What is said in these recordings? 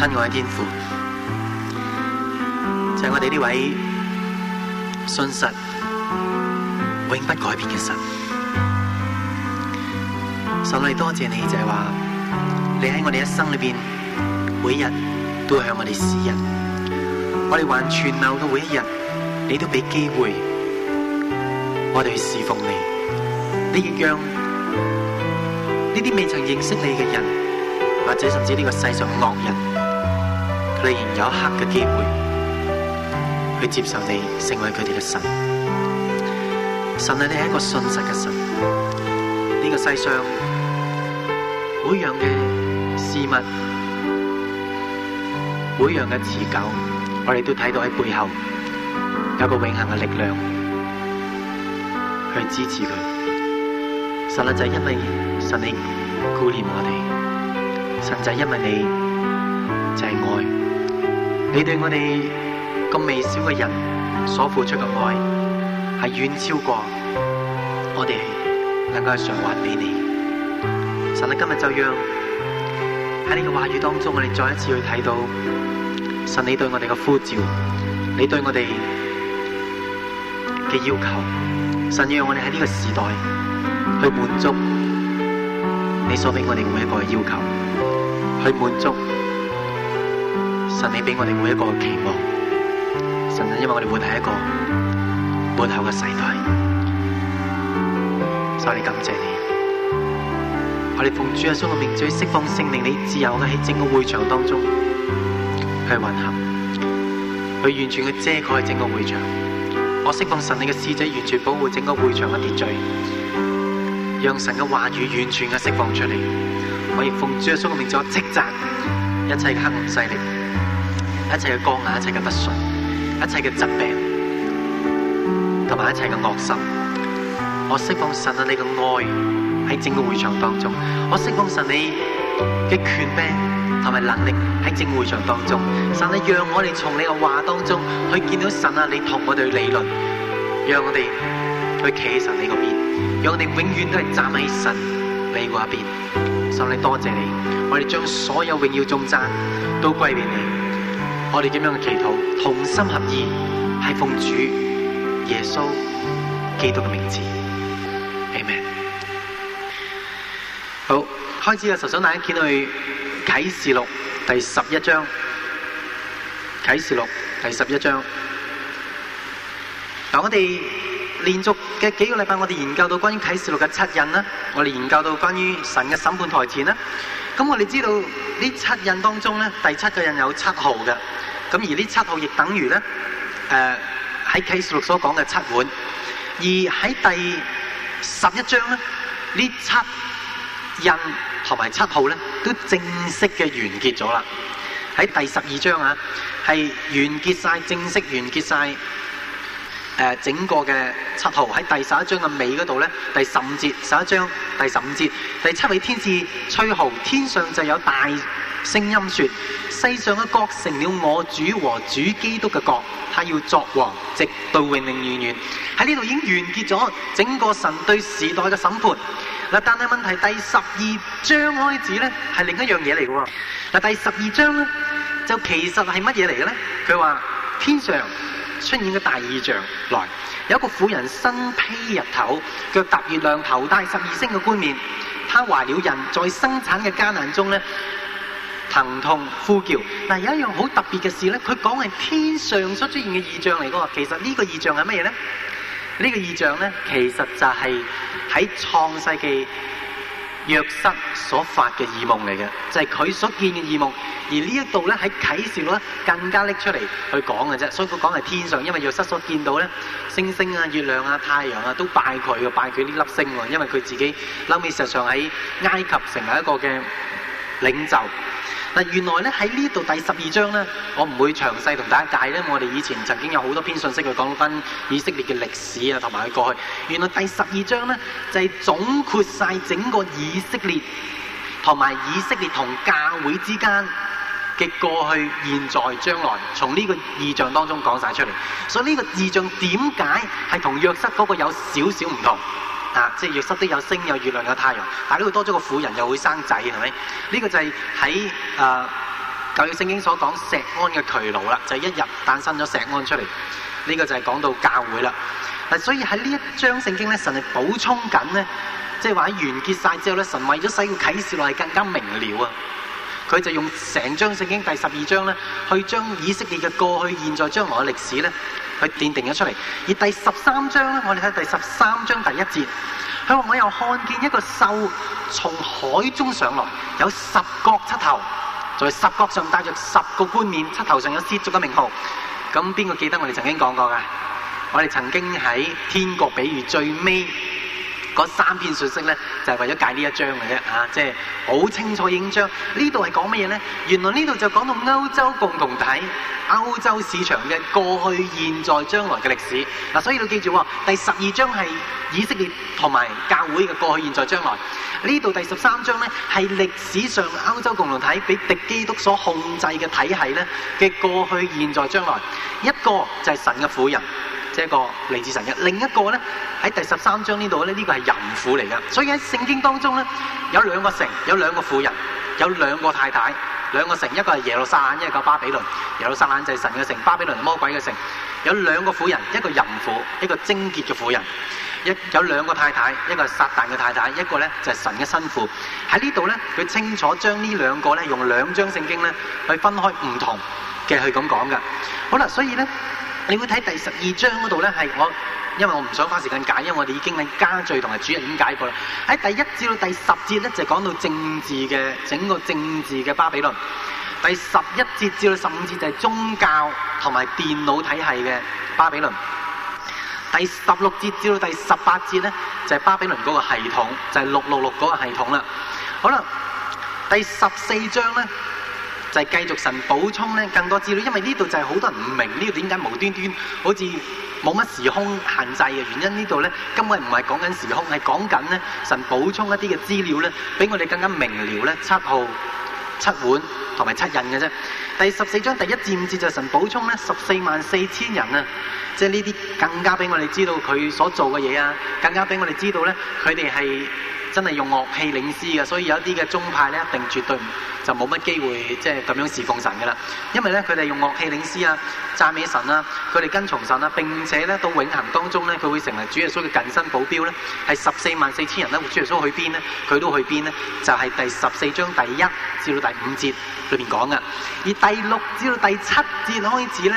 親愛嘅天父，就係、是、我哋呢位信實、永不改變嘅神。神，你多謝你就係、是、話，你喺我哋一生裏邊，每一日都會向我哋施恩。我哋還存留嘅每一日，你都俾機會我哋去侍奉你。你亦讓呢啲未曾認識你嘅人，或者甚至呢個世上嘅惡人。仍然有一刻嘅機會去接受你成為佢哋嘅神。神係你係一個信實嘅神。呢個世上每樣嘅事物，每樣嘅持久，我哋都睇到喺背後有個永恆嘅力量去支持佢。神仔因為神你顧念我哋，神仔因為你就係愛。你對我哋咁微小嘅人所付出嘅愛，係遠超過我哋能夠償還俾你。神，你今日就讓喺你嘅話語當中，我哋再一次去睇到神你對我哋嘅呼召，你對我哋嘅要求。神讓我哋喺呢個時代去滿足你所俾我哋每一個嘅要求，去滿足。神你俾我哋每一個嘅期望，神因為我哋會喺一個活口嘅世代，所以感謝你。我哋奉主耶穌嘅名，最釋放聖靈你自由嘅喺整個會場當中去運行，去完全嘅遮蓋整個會場。我釋放神你嘅使者，完全保護整個會場嘅秩序，讓神嘅話語完全嘅釋放出嚟。我亦奉主耶穌嘅名做斥責，一切嘅黑暗勢力。一切嘅光暗，一切嘅不順，一切嘅疾病，同埋一切嘅惡心，我釋放神啊！你嘅愛喺正嘅會場當中，我釋放神你嘅權柄同埋能力喺正會場當中。神你讓我哋從你嘅話當中去見到神啊！你同我哋理論，讓我哋去企喺神你嗰邊，讓我哋永遠都係站喺神你嗰一邊。神你多謝你，我哋將所有榮耀頌讚都歸俾你。我哋點樣嘅祈禱，同心合意，係奉主耶穌基督嘅名字，Amen。好，開始啊！首先大家揭去啟示錄第十一章，啟示錄第十一章。嗱，我哋連續嘅幾個禮拜，我哋研究到關於啟示錄嘅七印啦，我哋研究到關於神嘅審判台前啦。咁我哋知道呢七印當中咧，第七個印有七號嘅，咁而呢七號亦等於咧，誒喺啟示錄所講嘅七碗，而喺第十一章咧，呢七印同埋七號咧都正式嘅完結咗啦。喺第十二章啊，係完結晒，正式完結晒。誒整個嘅七號喺第十一章嘅尾嗰度咧，第十五節，十一章第十五節，第七位天使吹號，天上就有大聲音說：「世上嘅國成了我主和主基督嘅國，他要作王，直到永永遠遠。」喺呢度已經完結咗整個神對時代嘅審判。嗱，但係問題第十二章開始咧，係另一樣嘢嚟嘅喎。嗱，第十二章咧就其實係乜嘢嚟嘅咧？佢話天上。出現嘅大異象，來有一個婦人身披日頭，腳踏月亮，頭戴十二星嘅冠冕。她懷了孕在生產嘅艱難中咧，疼痛呼叫。嗱，有一樣好特別嘅事咧，佢講係天上所出現嘅異象嚟嘅喎。其實呢個是什麼呢，呢個異象係乜嘢咧？呢個異象咧，其實就係喺創世記。約瑟所發嘅異夢嚟嘅，就係、是、佢所見嘅異夢，而這呢一度咧喺啟示錄啦更加拎出嚟去講嘅啫，所以佢講係天上，因為約瑟所見到咧星星啊、月亮啊、太陽啊都拜佢，拜佢呢粒星喎、啊，因為佢自己嬲尾，實常喺埃及成為一個嘅領袖。嗱，原來咧喺呢度第十二章呢，我唔會詳細同大家解呢。我哋以前曾經有好多篇信息去講翻以色列嘅歷史啊，同埋佢過去。原來第十二章呢，就係總括晒整個以色列同埋以色列同教會之間嘅過去、現在、將來，從呢個異象當中講晒出嚟。所以呢個異象點解係同約瑟嗰個有少少唔同？啊！即係月濕啲有星，有月亮有太陽，但係咧佢多咗個婦人，又會生仔，係咪？呢、這個就係喺誒舊約聖經所講石安嘅渠路啦，就係、是、一日誕生咗石安出嚟，呢、這個就係講到教會啦。嗱、啊，所以喺呢一章聖經咧，神係補充緊咧，即係話喺完結晒之後咧，神為咗使個啟示係更加明了啊！佢就用成章聖經第十二章咧，去將以色列嘅過去、現在將的歷、將來嘅歷史咧，去奠定咗出嚟。而第十三章咧，我哋喺第十三章第一節，佢話我又看見一個獸從海中上來，有十角七頭，在、就是、十角上帶著十個冠冕，七頭上有褻瀆嘅名號。咁邊個記得我哋曾經講過㗎？我哋曾經喺天國比喻最尾。嗰三篇信息呢，就係為咗介呢一章嘅啫嚇，即係好清楚映章。呢度係講乜嘢呢？原來呢度就講到歐洲共同體、歐洲市場嘅過去、現在、將來嘅歷史。嗱，所以你記住，第十二章係以色列同埋教會嘅過去、現在、將來。呢度第十三章呢，係歷史上歐洲共同體俾敵基督所控制嘅體系呢嘅過去、現在、將來。一個就係神嘅婦人。一個嚟自神嘅，另一個咧喺第十三章呢度咧，呢個係淫婦嚟噶。所以喺聖經當中咧，有兩個城，有兩個婦人，有兩個太太，兩個城，一個係耶路撒冷，一個巴比倫。耶路撒冷就係神嘅城，巴比倫係魔鬼嘅城。有兩個婦人，一個淫婦，一個貞潔嘅婦人。一有兩個太太，一個係撒旦嘅太太，一個咧就係神嘅新婦。喺呢度咧，佢清楚將呢兩個咧用兩章聖經咧去分開唔同嘅去咁講噶。好啦，所以咧。你會睇第十二章嗰度呢？係我因為我唔想花時間解，因為我哋已經喺家聚同埋主人點解過啦。喺第一至到第十節呢，就講、是、到政治嘅，整個政治嘅巴比倫；第十一節至到十五節就係宗教同埋電腦體系嘅巴比倫；第十六節至到第十八節呢，就係、是、巴比倫嗰個系統，就係六六六嗰個系統啦。好啦，第十四章呢。就係、是、繼續神補充咧更多資料，因為呢度就係好多人唔明呢度點解無端端好似冇乜時空限制嘅原因呢度咧，根本唔係講緊時空，係講緊咧神補充一啲嘅資料咧，俾我哋更加明瞭咧七號、七碗同埋七印嘅啫。第十四章第一至五節就係神補充咧十四萬四千人啊，即係呢啲更加俾我哋知道佢所做嘅嘢啊，更加俾我哋知道咧佢哋係。真係用樂器領詩嘅，所以有一啲嘅宗派咧，一定絕對就冇乜機會即係咁樣侍奉神㗎啦。因為咧，佢哋用樂器領詩啊、讚美神啊、佢哋跟從神啊，並且咧到永恆當中咧，佢會成為主耶穌嘅近身保鏢咧。係十四萬四千人咧，主耶穌去邊咧，佢都去邊咧。就係、是、第十四章第一至到第五節裏面講㗎。而第六至到第七節開始咧，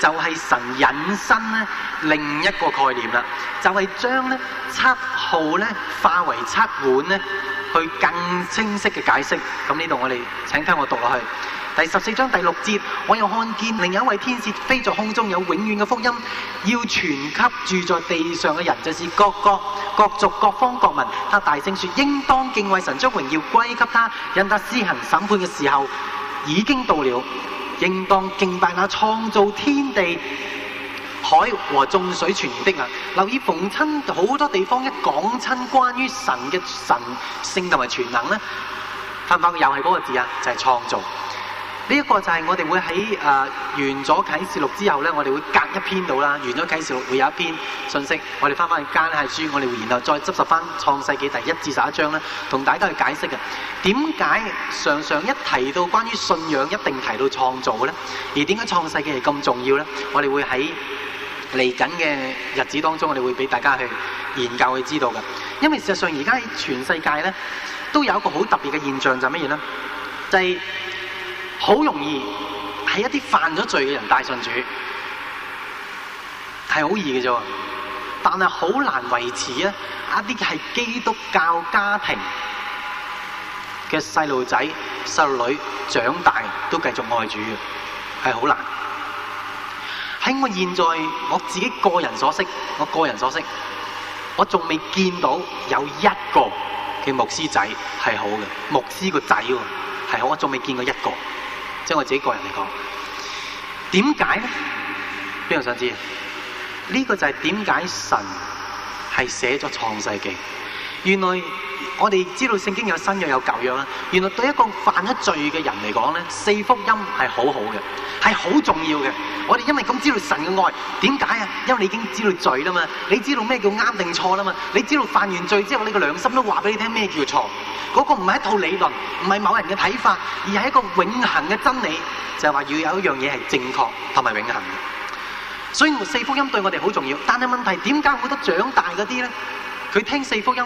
就係、是、神引申咧另一個概念啦，就係、是、將咧七。號呢，化為七碗呢，去更清晰嘅解釋。咁呢度我哋請聽我讀落去。第十四章第六節，我又看見另一位天使飛在空中，有永遠嘅福音要傳給住在地上嘅人，就是各國、各族、各方、各民。他大聲說：應當敬畏神，將榮耀歸給他。因他施行審判嘅時候已經到了，應當敬拜那創造天地。海和眾水泉源的啊。留意逢親好多地方一講親關於神嘅神性同埋全能咧，翻返去又係嗰個字啊，就係、是、創造。呢、這、一個就係我哋會喺誒、呃、完咗啟示錄之後咧，我哋會隔一篇到啦，完咗啟示錄會有一篇信息，我哋翻返間係書，我哋會然後再執拾翻創世記第一至十一章咧，同大家去解釋啊。點解常常一提到關於信仰一定提到創造嘅咧？而點解創世記係咁重要咧？我哋會喺嚟緊嘅日子當中，我哋會俾大家去研究去知道嘅。因為事實上而家喺全世界咧都有一個好特別嘅現象，就乜嘢咧？就係好容易係一啲犯咗罪嘅人帶信主，係好易嘅啫。但係好難維持啊！一啲係基督教家庭嘅細路仔、細路女長大都繼續愛主嘅，係好難。喺我現在我自己個人所識，我個人所識，我仲未見到有一個嘅牧師仔係好嘅，牧師個仔係好，我仲未見過一個，即係我自己個人嚟講，點解咧？邊個想知？呢個就係點解神係寫咗創世記，原來。我哋知道聖經有新約有舊約啦，原來對一個犯咗罪嘅人嚟講咧，四福音係好好嘅，係好重要嘅。我哋因為咁知道神嘅愛，點解啊？因為你已經知道罪啦嘛，你知道咩叫啱定錯啦嘛，你知道犯完罪之後你個良心都話俾你聽咩叫錯，嗰個唔係一套理論，唔係某人嘅睇法，而係一個永恆嘅真理，就係話要有一樣嘢係正確同埋永恆嘅。所以四福音對我哋好重要，但係問題，點解好多長大嗰啲咧，佢聽四福音？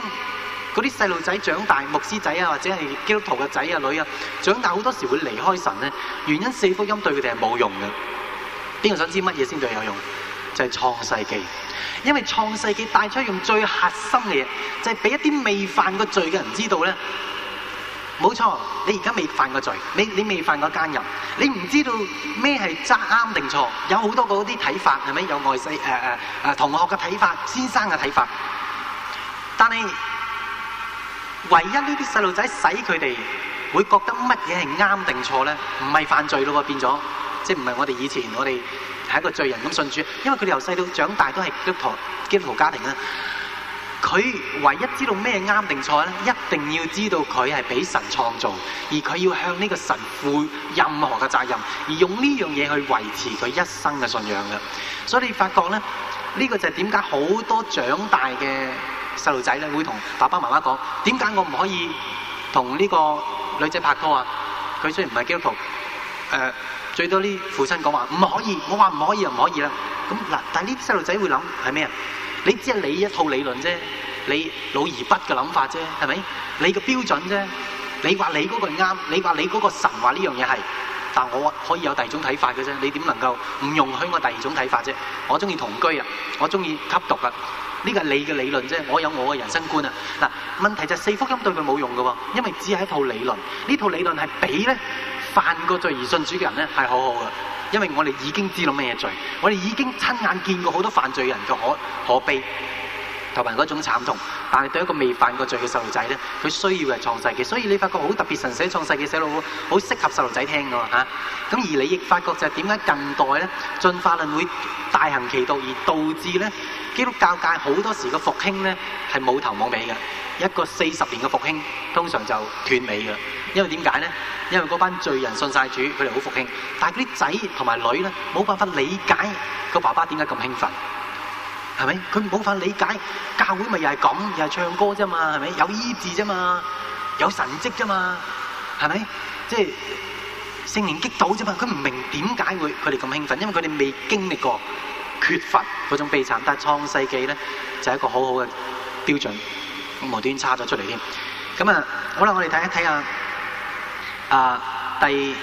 嗰啲細路仔長大，牧師仔啊，或者係基督徒嘅仔啊女啊，長大好多時會離開神咧。原因四福音對佢哋係冇用嘅。邊個想知乜嘢先對佢有用？就係創世記，因為創世記帶出用最核心嘅嘢，就係俾一啲未犯過罪嘅人知道咧。冇錯，你而家未犯過罪，你未你未犯過奸淫，你唔知道咩係啱定錯。有好多嗰啲睇法係咪？有外世誒誒誒同學嘅睇法，先生嘅睇法，但係。唯一呢啲細路仔使佢哋會覺得乜嘢係啱定錯咧？唔係犯罪咯喎，變咗即係唔係我哋以前我哋係一個罪人咁信主，因為佢哋由細到長大都係基，基督徒家庭啦。佢唯一知道咩啱定錯咧，一定要知道佢係俾神創造，而佢要向呢個神負任，任何嘅責任，而用呢樣嘢去維持佢一生嘅信仰啦。所以你發覺咧，呢、呢個就係點解好多長大嘅～細路仔咧會同爸爸媽媽講：點解我唔可以同呢個女仔拍拖啊？佢雖然唔係基督徒。呃、最多啲父親講話唔可以，我話唔可以就唔可以啦。咁嗱，但係呢啲細路仔會諗係咩啊？你只係你一套理論啫，你老而不嘅諗法啫，係咪？你嘅標準啫，你話你嗰個啱，你話你嗰個神話呢樣嘢係，但我可以有第二種睇法嘅啫。你點能夠唔容許我第二種睇法啫？我中意同居啊，我中意吸毒啊。呢、這個係你嘅理論啫，我有我嘅人生觀啊！嗱，問題就係四福音對佢冇用嘅，因為只係一套理論。呢套理論係俾咧犯過罪而信主嘅人咧，係好好嘅，因為我哋已經知道咩罪，我哋已經親眼見過好多犯罪的人嘅可可悲。同埋嗰種慘痛，但係對一個未犯過罪嘅細路仔咧，佢需要係創世記。所以你發覺好特別，神寫創世記，細路好適合細路仔聽㗎嘛嚇。咁而你亦發覺就係點解近代咧進化論會大行其道，而導致咧基督教界好多時個復興咧係冇頭冇尾㗎。一個四十年嘅復興通常就斷尾㗎，因為點解咧？因為嗰班罪人信晒主，佢哋好復興，但係嗰啲仔同埋女咧冇辦法理解個爸爸點解咁興奮。係咪？佢冇法理解教會咪又係咁，又係唱歌啫嘛，係咪？有醫治啫嘛，有神蹟啫嘛，係咪？即係聖靈擊倒啫嘛，佢唔明點解會佢哋咁興奮，因為佢哋未經歷過缺乏嗰種悲慘。但係創世記咧就係一個好好嘅標準，無端差咗出嚟添。咁啊，好啦，我哋睇一睇下啊第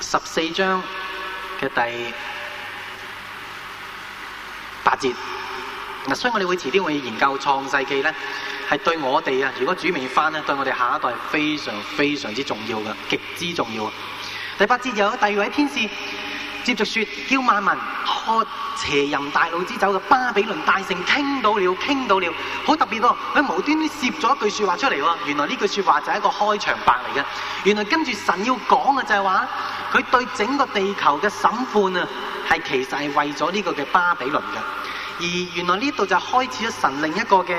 十四章嘅第八節嗱，所以我哋會遲啲會研究創世記咧，係對我哋啊，如果主名訓咧，對我哋下一代係非常非常之重要嘅，極之重要啊！第八節就有第二位天使。接著說，叫萬民喝邪淫大怒之酒嘅巴比倫大城，傾倒了，傾倒了，好特別喎、哦！佢無端端攝咗一句說話出嚟喎、哦，原來呢句說話就係一個開場白嚟嘅。原來跟住神要講嘅就係話，佢對整個地球嘅審判啊，係其實係為咗呢個嘅巴比倫嘅。而原來呢度就開始咗神另一個嘅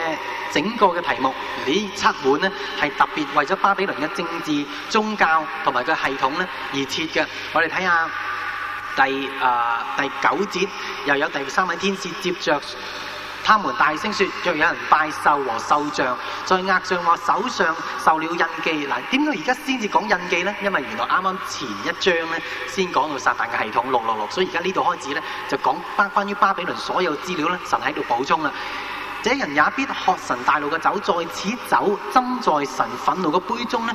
整個嘅題目，呢七碗呢，咧係特別為咗巴比倫嘅政治、宗教同埋個系統呢而設嘅。我哋睇下。第啊第九節又有第三位天使接着，他們大聲說：若有人拜獸和獸像，再額上話手上受了印記。嗱，點解而家先至講印記咧？因為原來啱啱前一章咧，先講到撒旦嘅系統六六六，所以而家呢度開始咧，就講巴關於巴比倫所有資料咧，神喺度補充啦。這人也必喝神大怒嘅酒，在此酒斟在神憤怒嘅杯中呢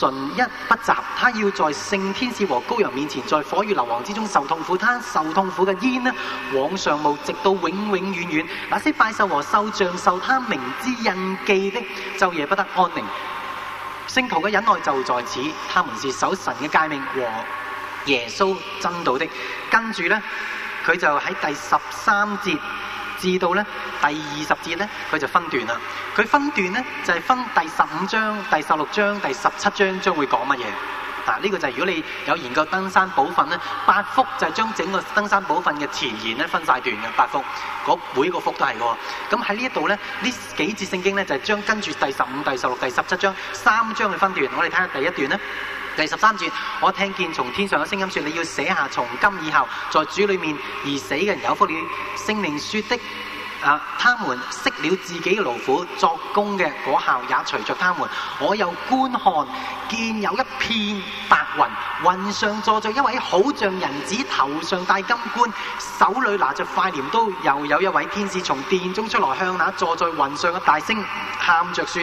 純一不雜。他要在聖天使和羔羊面前，在火與硫磺之中受痛苦，他受痛苦嘅煙呢，往上冒，直到永永遠遠。那些拜獸和受像受他名之印記的，晝夜不得安寧。聖徒嘅忍耐就在此，他們是守神嘅誡命和耶穌真道的。跟住呢，佢就喺第十三節。至到咧第二十節咧，佢就分段啦。佢分段咧就係、是、分第十五章、第十六章、第十七章將會講乜嘢。嗱、啊，呢、這個就係、是、如果你有研究登山寶訓咧，八福就係將整個登山寶訓嘅前言咧分晒段嘅八福，每個福都係嘅。咁喺呢一度咧，幾節聖呢幾節聖經咧就係、是、將跟住第十五、第十六、第十七章三章去分段。我哋睇下第一段咧。第十三節，我聽見從天上嘅聲音說：你要寫下從今以後，在主裏面而死嘅人有福了。聖靈說的：啊，他們息了自己嘅勞苦作工嘅果效也隨着他們。我又觀看，見有一片白雲，雲上坐着一位好像人子，頭上戴金冠，手裏拿着快鐮刀。又有一位天使從殿中出來，向那坐在雲上嘅大聲喊着說。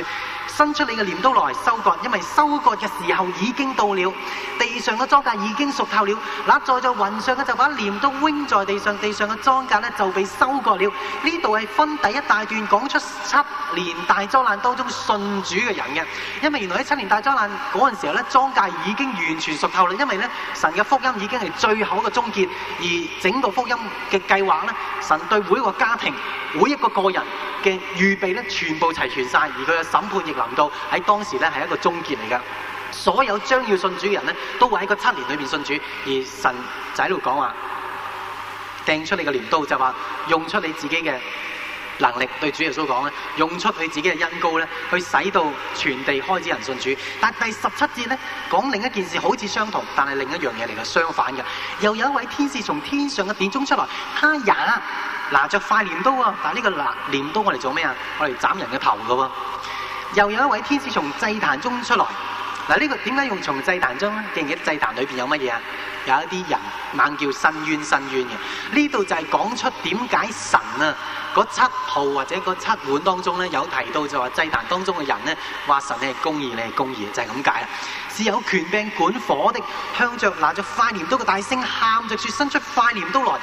伸出你嘅鐮刀來收割，因為收割嘅時候已經到了，地上嘅莊稼已經熟透了。嗱，在座雲上嘅就把鐮刀揮在地上，地上嘅莊稼咧就被收割了。呢度係分第一大段，講出七年大災難當中信主嘅人嘅。因為原來喺七年大災難陣時候咧，莊稼已經完全熟透了，因為咧神嘅福音已經係最好嘅終結，而整個福音嘅計劃咧，神對每一個家庭、每一個個人嘅預備咧，全部齊全晒，而佢嘅審判亦臨。到喺當時咧，係一個終結嚟嘅。所有將要信主嘅人咧，都會喺個七年裏邊信主。而神仔喺度講話，掟出你個鐮刀，就話用出你自己嘅能力對主耶穌講咧，用出佢自己嘅恩膏咧，去使到全地開始人信主。但第十七節咧講另一件事，好似相同，但係另一樣嘢嚟嘅相反嘅。又有一位天使從天上嘅殿中出來，他也拿著塊鐮刀啊。但係呢個鐮鐮刀，我嚟做咩啊？我嚟斬人嘅頭嘅喎。又有一位天使從祭壇中出來，嗱、這、呢個點解用從祭壇中咧？記唔記得祭，祭壇裏邊有乜嘢啊？有一啲人猛叫申冤申冤嘅，呢度就係講出點解神啊嗰七號或者嗰七碗當中咧有提到就話祭壇當中嘅人咧話神係公義，你係公義，就係咁解啦。是有權柄管火的，向着拿着快鐮刀嘅大聲喊着，「説伸出快鐮刀來。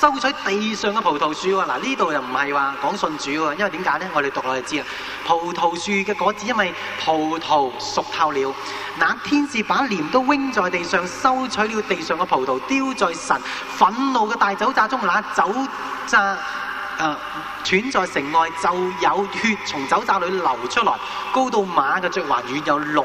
收取地上嘅葡萄樹喎，嗱，呢度又唔係話講信主喎，因為點解呢？我哋讀落就知啦。葡萄樹嘅果子因為葡萄熟透了，那天使把籃都扔在地上，收取了地上嘅葡萄，丟在神憤怒嘅大酒炸中，那酒罈啊、呃、在城外，就有血從酒炸裏流出來，高到馬嘅最環遠有六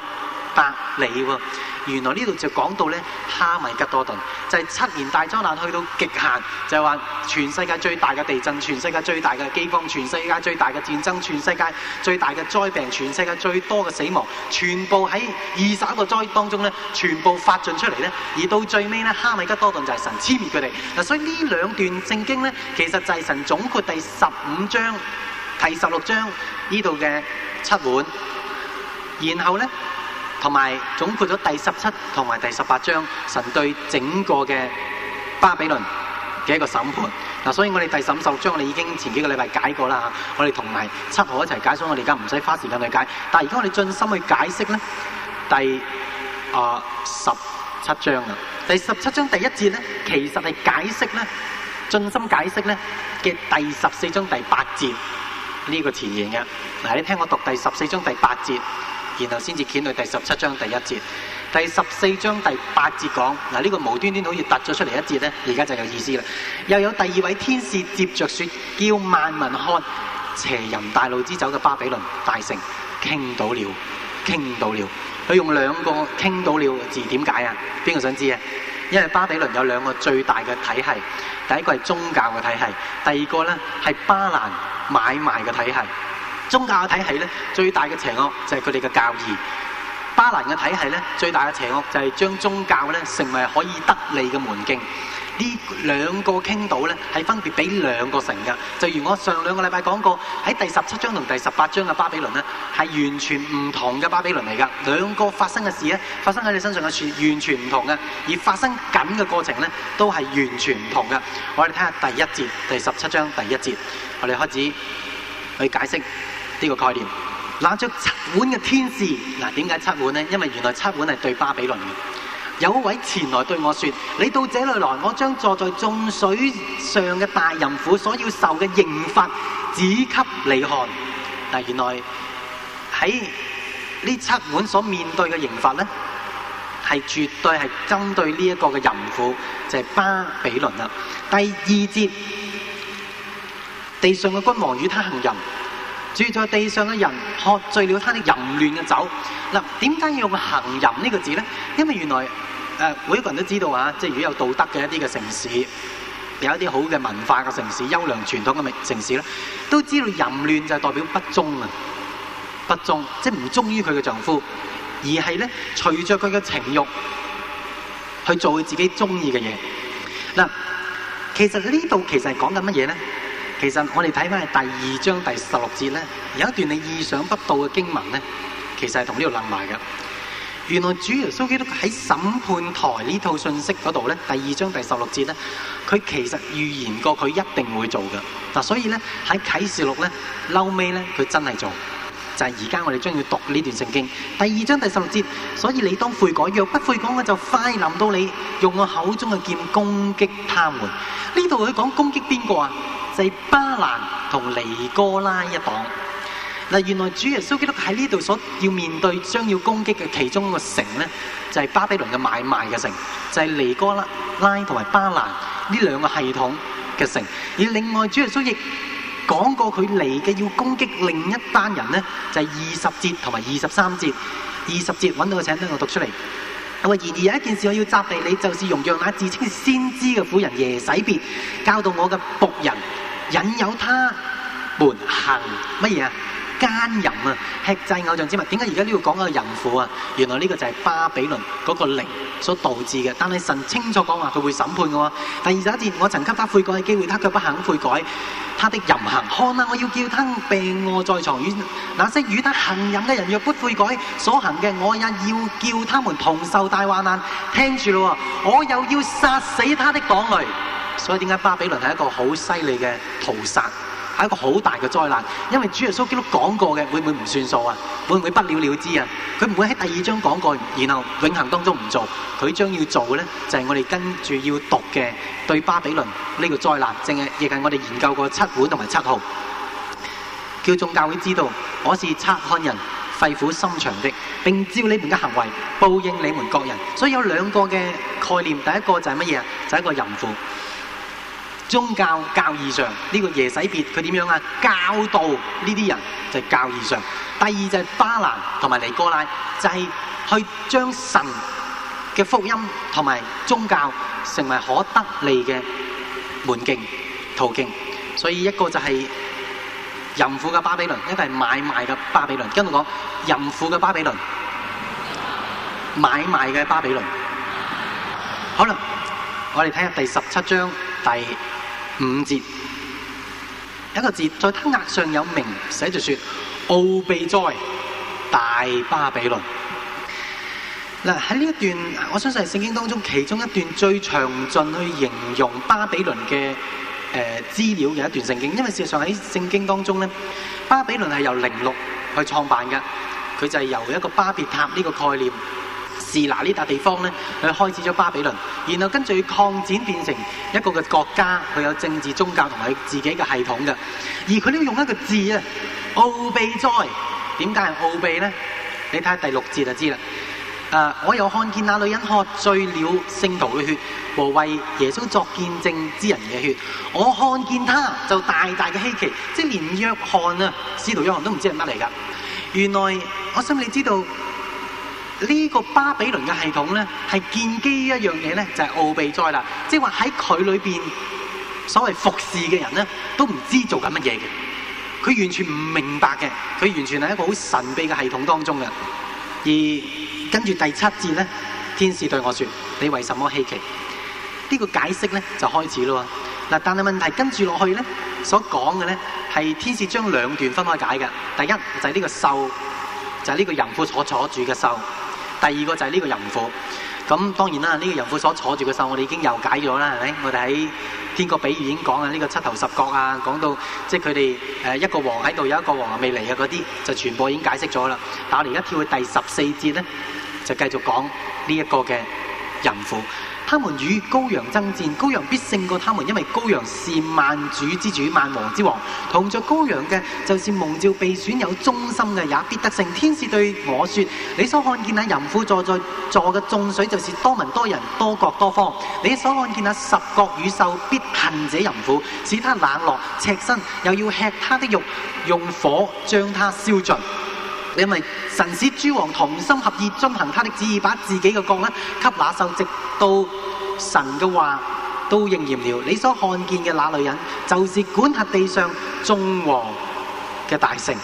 百里喎，原來呢度就講到呢。哈米吉多頓，就係七年大災難去到極限，就係話全世界最大嘅地震，全世界最大嘅饑荒，全世界最大嘅戰爭，全世界最大嘅災病，全世界最多嘅死亡，全部喺二十一個災當中呢，全部發盡出嚟呢，而到最尾呢，哈米吉多頓就係神殲滅佢哋嗱，所以呢兩段聖經呢，其實就係神總括第十五章、第十六章呢度嘅七碗，然後呢。同埋總括咗第十七同埋第十八章，神對整個嘅巴比倫嘅一個審判。嗱，所以我哋第十六章我哋已經前幾個禮拜解過啦嚇，我哋同埋七號一齊解，所以我哋而家唔使花時間去解。但係而家我哋盡心去解釋咧，第啊十七章啊，第十七章第一節咧，其實係解釋咧，盡心解釋咧嘅第十四章第八節呢個詞形嘅。嗱，你聽我讀第十四章第八節。然後先至見到第十七章第一節，第十四章第八節講，嗱呢個無端端好似突咗出嚟一節呢，而家就有意思啦！又有第二位天使接着説，叫萬民看邪淫大怒之酒嘅巴比倫大城傾倒了，傾倒了。佢用兩個傾倒了字點解啊？邊個想知啊？因為巴比倫有兩個最大嘅體系，第一個係宗教嘅體系，第二個呢係巴蘭買賣嘅體系。宗教嘅體系咧，最大嘅邪惡就係佢哋嘅教義；巴蘭嘅體系咧，最大嘅邪惡就係將宗教咧成為可以得利嘅門徑。呢兩個傾倒咧，係分別俾兩個城㗎。就如我上兩個禮拜講過，喺第十七章同第十八章嘅巴比倫咧，係完全唔同嘅巴比倫嚟㗎。兩個發生嘅事咧，發生喺你身上嘅事完全唔同嘅，而發生緊嘅過程咧，都係完全唔同嘅。我哋睇下第一節，第十七章第一節，我哋開始去解釋。呢、這個概念，拿着七碗嘅天使，嗱，點解七碗呢？因為原來七碗係對巴比倫嘅。有一位前來對我說，你到這裏來，我將坐在眾水上嘅大淫婦所要受嘅刑罰指給你看。但原來喺呢七碗所面對嘅刑罰咧，係絕對係針對呢一個嘅淫婦，就係、是、巴比倫啦。第二節，地上嘅君王與他行淫。住在地上嘅人喝醉了他啲淫亂嘅酒，嗱，點解要用行淫呢個字咧？因為原來誒、呃、每一個人都知道啊，即係如果有道德嘅一啲嘅城市，有一啲好嘅文化嘅城市、優良傳統嘅城市咧，都知道淫亂就係代表不忠啊，不忠，即係唔忠於佢嘅丈夫，而係咧隨着佢嘅情慾去做佢自己中意嘅嘢。嗱、啊，其實呢度其實係講緊乜嘢咧？其實我哋睇翻第二章第十六節咧，有一段你意想不到嘅經文咧，其實係同呢度連埋嘅。原來主耶穌基督喺審判臺呢套信息嗰度咧，第二章第十六節咧，佢其實預言過佢一定會做嘅。嗱，所以咧喺啟示錄咧，後尾咧佢真係做，就係而家我哋將要讀呢段聖經第二章第十六節。所以你當悔改，若不悔改，我就快臨到你，用我口中嘅劍攻擊他們。呢度佢講攻擊邊個啊？就係、是、巴蘭同尼哥拉一黨嗱，原來主耶穌基督喺呢度所要面對將要攻擊嘅其中一個城呢就係巴比倫嘅買賣嘅城，就係尼哥拉同埋巴蘭呢兩個系統嘅城。而另外，主耶穌亦講過佢嚟嘅要攻擊另一班人呢，就係二十節同埋二十三節。二十節揾到個請等我讀出嚟。我然而有一件事我要責備你，就是容讓那自稱先知嘅婦人耶洗別，教導我嘅僕人。引誘他們行乜嘢啊？奸淫啊！吃祭偶像之物。點解而家呢度講嗰個淫婦啊？原來呢個就係巴比倫嗰個靈所導致嘅。但係神清楚講話，佢會審判我。第二十一節，我曾給他悔改嘅機會，他卻不肯悔改。他的淫行，看啊！我要叫他病卧在床。與那些與他行淫嘅人，若不悔改所行嘅，我也要叫他們同受大患難。聽住咯，我又要殺死他的黨類。所以點解巴比倫係一個好犀利嘅屠殺，係一個好大嘅災難？因為主耶穌基督講過嘅，會唔會唔算數啊？會唔會不了了之啊？佢唔會喺第二章講過，然後永恆當中唔做，佢將要做嘅呢，就係、是、我哋跟住要讀嘅對巴比倫呢個災難，淨係亦係我哋研究過七碗同埋七號，叫眾教會知道，我是察看人肺腑心腸的，並照你們嘅行為報應你們各人。所以有兩個嘅概念，第一個就係乜嘢啊？就係、是、一個淫婦。宗教教義上呢個耶洗別佢點樣啊？教導呢啲人就係教義上。第二就係巴蘭同埋尼哥拉，就係去將神嘅福音同埋宗教成為可得利嘅門徑途徑。所以一個就係淫婦嘅巴比倫，一個係買賣嘅巴比倫。跟住講淫婦嘅巴比倫，買賣嘅巴比倫。好啦，我哋睇下第十七章第五節，一個字在他額上有名，寫住說奧秘哉，大巴比倫。嗱，喺呢一段，我相信係聖經當中其中一段最詳盡去形容巴比倫嘅誒資料嘅一段聖經，因為事實上喺聖經當中咧，巴比倫係由零六去創辦嘅，佢就係由一個巴別塔呢個概念。是嗱呢笪地方咧，佢開始咗巴比倫，然後跟住佢擴展變成一個嘅國家，佢有政治宗教同埋自己嘅系統嘅。而佢呢用一個字啊，奧秘哉，點解係奧秘咧？你睇下第六節就知啦。誒、呃，我又看見那女人喝醉了聖徒嘅血和為耶穌作見證之人嘅血，我看見他就大大嘅稀奇，即係連約翰啊，使徒約翰都唔知係乜嚟㗎。原來我心裏知道。呢、這個巴比倫嘅系統咧，係建基一樣嘢咧，就係、是、奧秘在啦。即係話喺佢裏邊，所謂服侍嘅人咧，都唔知道做緊乜嘢嘅。佢完全唔明白嘅，佢完全係一個好神秘嘅系統當中嘅。而跟住第七節咧，天使對我説：你為什麼稀奇？呢、這個解釋咧就開始咯。嗱，但係問題跟住落去咧，所講嘅咧係天使將兩段分開解嘅。第一就係呢個獸，就係、是、呢個，、就是、個人婦所坐住嘅獸。第二個就係呢個淫婦，咁當然啦，呢個淫婦所坐住嘅時候，我哋已經又解咗啦，係咪？我哋喺天國比喻已經講啊，呢個七頭十角啊，講到即係佢哋誒一個王喺度，有一個王未嚟嘅嗰啲，就全部已經解釋咗啦。但係我哋而家跳去第十四節咧，就繼續講呢一個嘅淫婦。他們與羔羊爭戰，羔羊必勝過他們，因為羔羊是萬主之主、萬王之王。同着羔羊嘅就是蒙召被選有忠心嘅，也必得勝。天使對我說，你所看見那淫婦坐在座嘅眾水，就是多民多人、多國多方。你所看見的十國與獸必恨者淫婦。使他冷落，赤身，又要吃他的肉，用火將他燒盡。因為神使諸王同心合意遵行他的旨意，把自己嘅國呢，給那獸，直到神嘅話都應驗了。你所看見嘅那女人，就是管轄地上眾王嘅大城。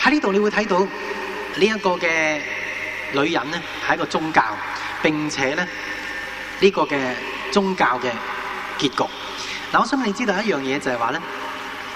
喺呢度你會睇到呢一，這個嘅女人呢係一個宗教，並且呢呢，這個嘅宗教嘅結局。嗱，我想你知道一樣嘢，就係話呢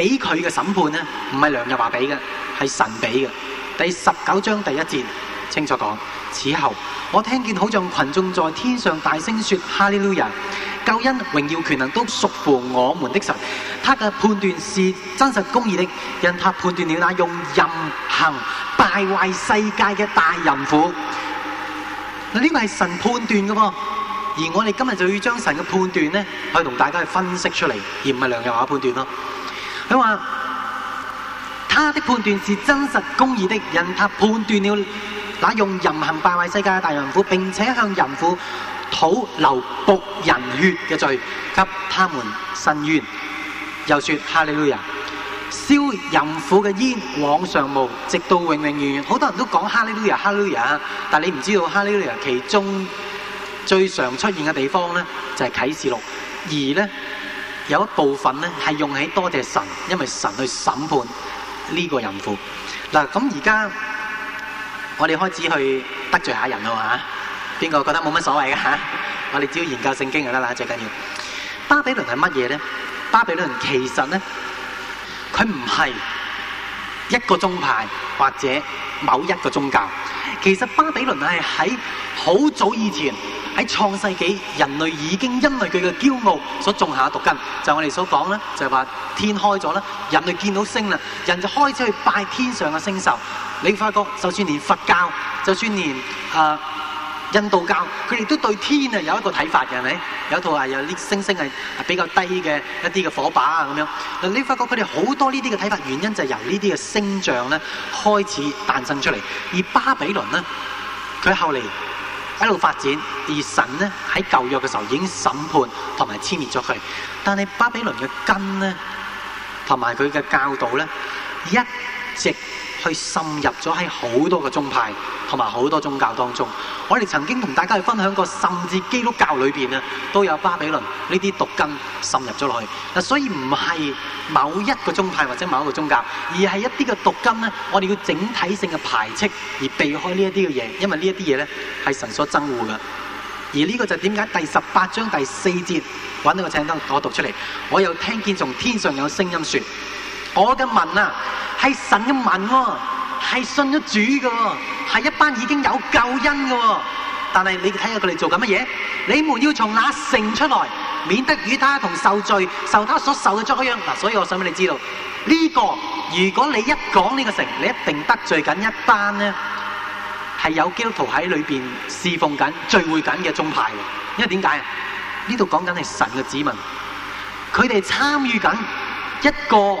俾佢嘅審判呢，唔係梁日華俾嘅，係神俾嘅。第十九章第一節清楚講：此後我聽見好像群眾在天上大聲說哈利路亞，Hallelujah! 救恩榮耀權能都屬乎我們的神。他嘅判斷是真實公義的，因他判斷了那用淫行敗壞世界嘅大淫婦。呢個係神判斷嘅，而我哋今日就要將神嘅判斷呢，去同大家去分析出嚟，而唔係梁日華判斷咯。佢話：他的判斷是真實公義的，因他判斷了那用淫行敗壞世界嘅大淫婦，並且向淫婦討流僕人血嘅罪，給他們申冤。又説：哈利路亞！燒淫婦嘅煙往上冒，直到永永遠遠。好多人都講哈利路亞、哈利路亞，但你唔知道哈利路亞其中最常出現嘅地方呢，就係、是、啟示錄而呢。有一部分咧，係用喺多謝神，因為神去審判呢個淫婦。嗱，咁而家我哋開始去得罪下人啦嘛？邊個覺得冇乜所謂嘅吓？我哋只要研究聖經就得啦，最緊要。巴比倫係乜嘢咧？巴比倫其實咧，佢唔係一個宗派或者某一個宗教，其實巴比倫係喺好早以前。喺創世紀，人類已經因為佢嘅驕傲所種下毒根，就係、我哋所講咧，就係、係、話天開咗咧，人類見到星啦，人就開始去拜天上嘅星宿。你發覺，就算連佛教，就算連誒、啊、印度教，佢哋都對天啊有一個睇法嘅，係咪？有一套啊，有啲星星係比較低嘅一啲嘅火把啊咁樣。嗱，你發覺佢哋好多呢啲嘅睇法，原因就係由呢啲嘅星象咧開始誕生出嚟。而巴比倫咧，佢後嚟，一路發展，而神呢，在舊約的時候已經審判和殲滅了他，但是巴比倫的根呢，和他的教導呢一直去滲入咗喺好多個宗派同埋好多宗教當中，我哋曾經同大家去分享過，甚至基督教裏邊呢都有巴比倫呢啲毒根滲入咗落去。嗱，所以唔係某一個宗派或者某一個宗教，而係一啲嘅毒根呢，我哋要整體性嘅排斥而避開呢一啲嘅嘢，因為呢一啲嘢呢係神所憎惡㗎。而呢個就係點解第十八章第四節揾到個聖經我讀出嚟，我又聽見從天上有聲音說。我嘅民啊，係神嘅民喎，係信咗主嘅，係一班已經有救恩嘅。但係你睇下佢哋做緊乜嘢？你們要從那城出來，免得與他同受罪，受他所受嘅災殃。嗱，所以我想俾你知道，呢個如果你一講呢個城，你一定得罪緊一班咧，係有基督徒喺裏邊侍奉緊、聚會緊嘅宗派。因為點解啊？呢度講緊係神嘅子民，佢哋參與緊一個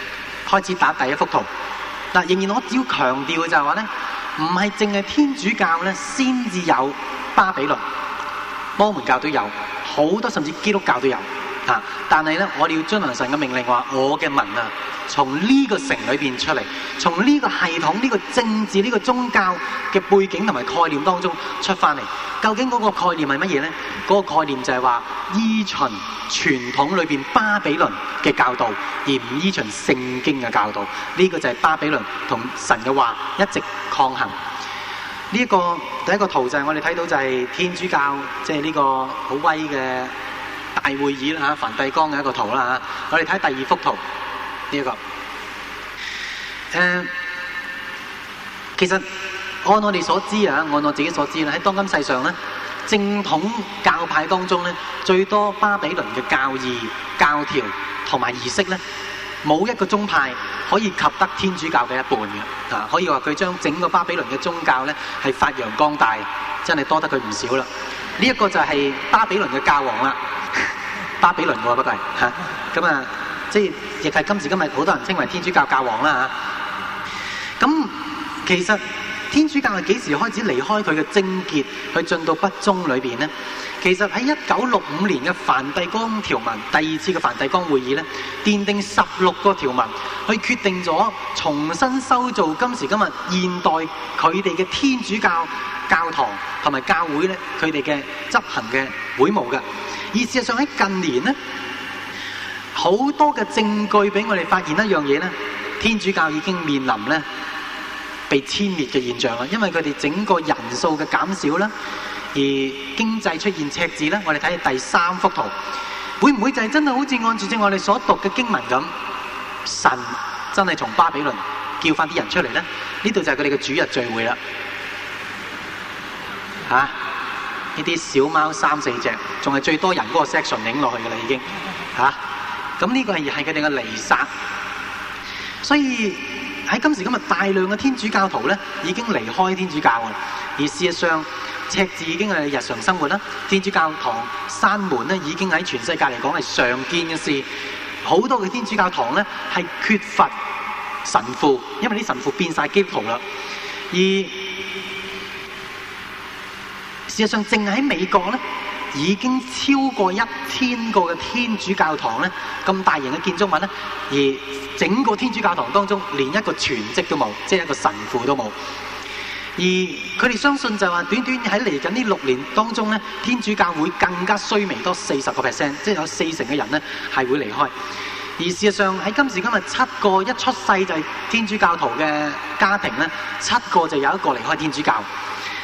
開始打第一幅圖，但仍然我只要強調嘅就係話不唔係淨係天主教才先至有巴比倫，摩門教都有，好多甚至基督教都有。啊、但係呢，我哋要遵循神嘅命令，話我嘅民啊，從呢個城裏邊出嚟，從呢個系統、呢、這個政治、呢、這個宗教嘅背景同埋概念當中出翻嚟。究竟嗰個概念係乜嘢呢？嗰、那個概念就係話依循傳統裏邊巴比倫嘅教導，而唔依循聖經嘅教導。呢、這個就係巴比倫同神嘅話一直抗衡。呢、這、一個第一個圖就係、是、我哋睇到就係天主教，即係呢個好威嘅。大會議啦嚇，梵蒂岡嘅一個圖啦嚇，我哋睇第二幅圖呢一、這個誒、呃，其實按我哋所知啊，按我自己所知咧，喺當今世上咧，正統教派當中咧，最多巴比倫嘅教義、教條同埋儀式咧，冇一個宗派可以及得天主教嘅一半嘅，啊，可以話佢將整個巴比倫嘅宗教咧係發揚光大，真係多得佢唔少啦。呢、這、一個就係巴比倫嘅教皇啦。巴比倫嘅不怪吓，咁啊，即係亦係今時今日好多人稱為天主教教王啦、啊、吓，咁其實。天主教係幾時開始離開佢嘅貞潔，去進到不忠裏邊呢？其實喺一九六五年嘅梵蒂岡條文，第二次嘅梵蒂岡會議呢，奠定十六個條文，去決定咗重新修造今時今日現代佢哋嘅天主教教堂同埋教會呢，佢哋嘅執行嘅會務嘅。而事實上喺近年呢，好多嘅證據俾我哋發現一樣嘢呢，天主教已經面臨呢。被殲滅嘅現象啊，因為佢哋整個人數嘅減少啦，而經濟出現赤字啦。我哋睇第三幅圖，會唔會就係真係好似按住正我哋所讀嘅經文咁，神真係從巴比倫叫翻啲人出嚟咧？呢度就係佢哋嘅主日聚會啦。吓，呢啲小貓三四隻，仲係最多人嗰個 section 影落去嘅啦，已經吓。咁呢個係係佢哋嘅離散，所以。喺今時今日，大量嘅天主教徒咧已經離開天主教喇。而事實上，赤字已經係日常生活啦。天主教堂閂門咧已經喺全世界嚟講係常見嘅事。好多嘅天主教堂咧係缺乏神父，因為啲神父變晒基督徒啦。而事實上，淨係喺美國咧。已經超過一千個嘅天主教堂咧，咁大型嘅建築物咧，而整個天主教堂當中，連一個全職都冇，即係一個神父都冇。而佢哋相信就係話，短短喺嚟緊呢六年當中咧，天主教會更加衰微多四十個 percent，即係有四成嘅人咧係會離開。而事實上喺今時今日，七個一出世就係天主教徒嘅家庭咧，七個就有一個離開天主教。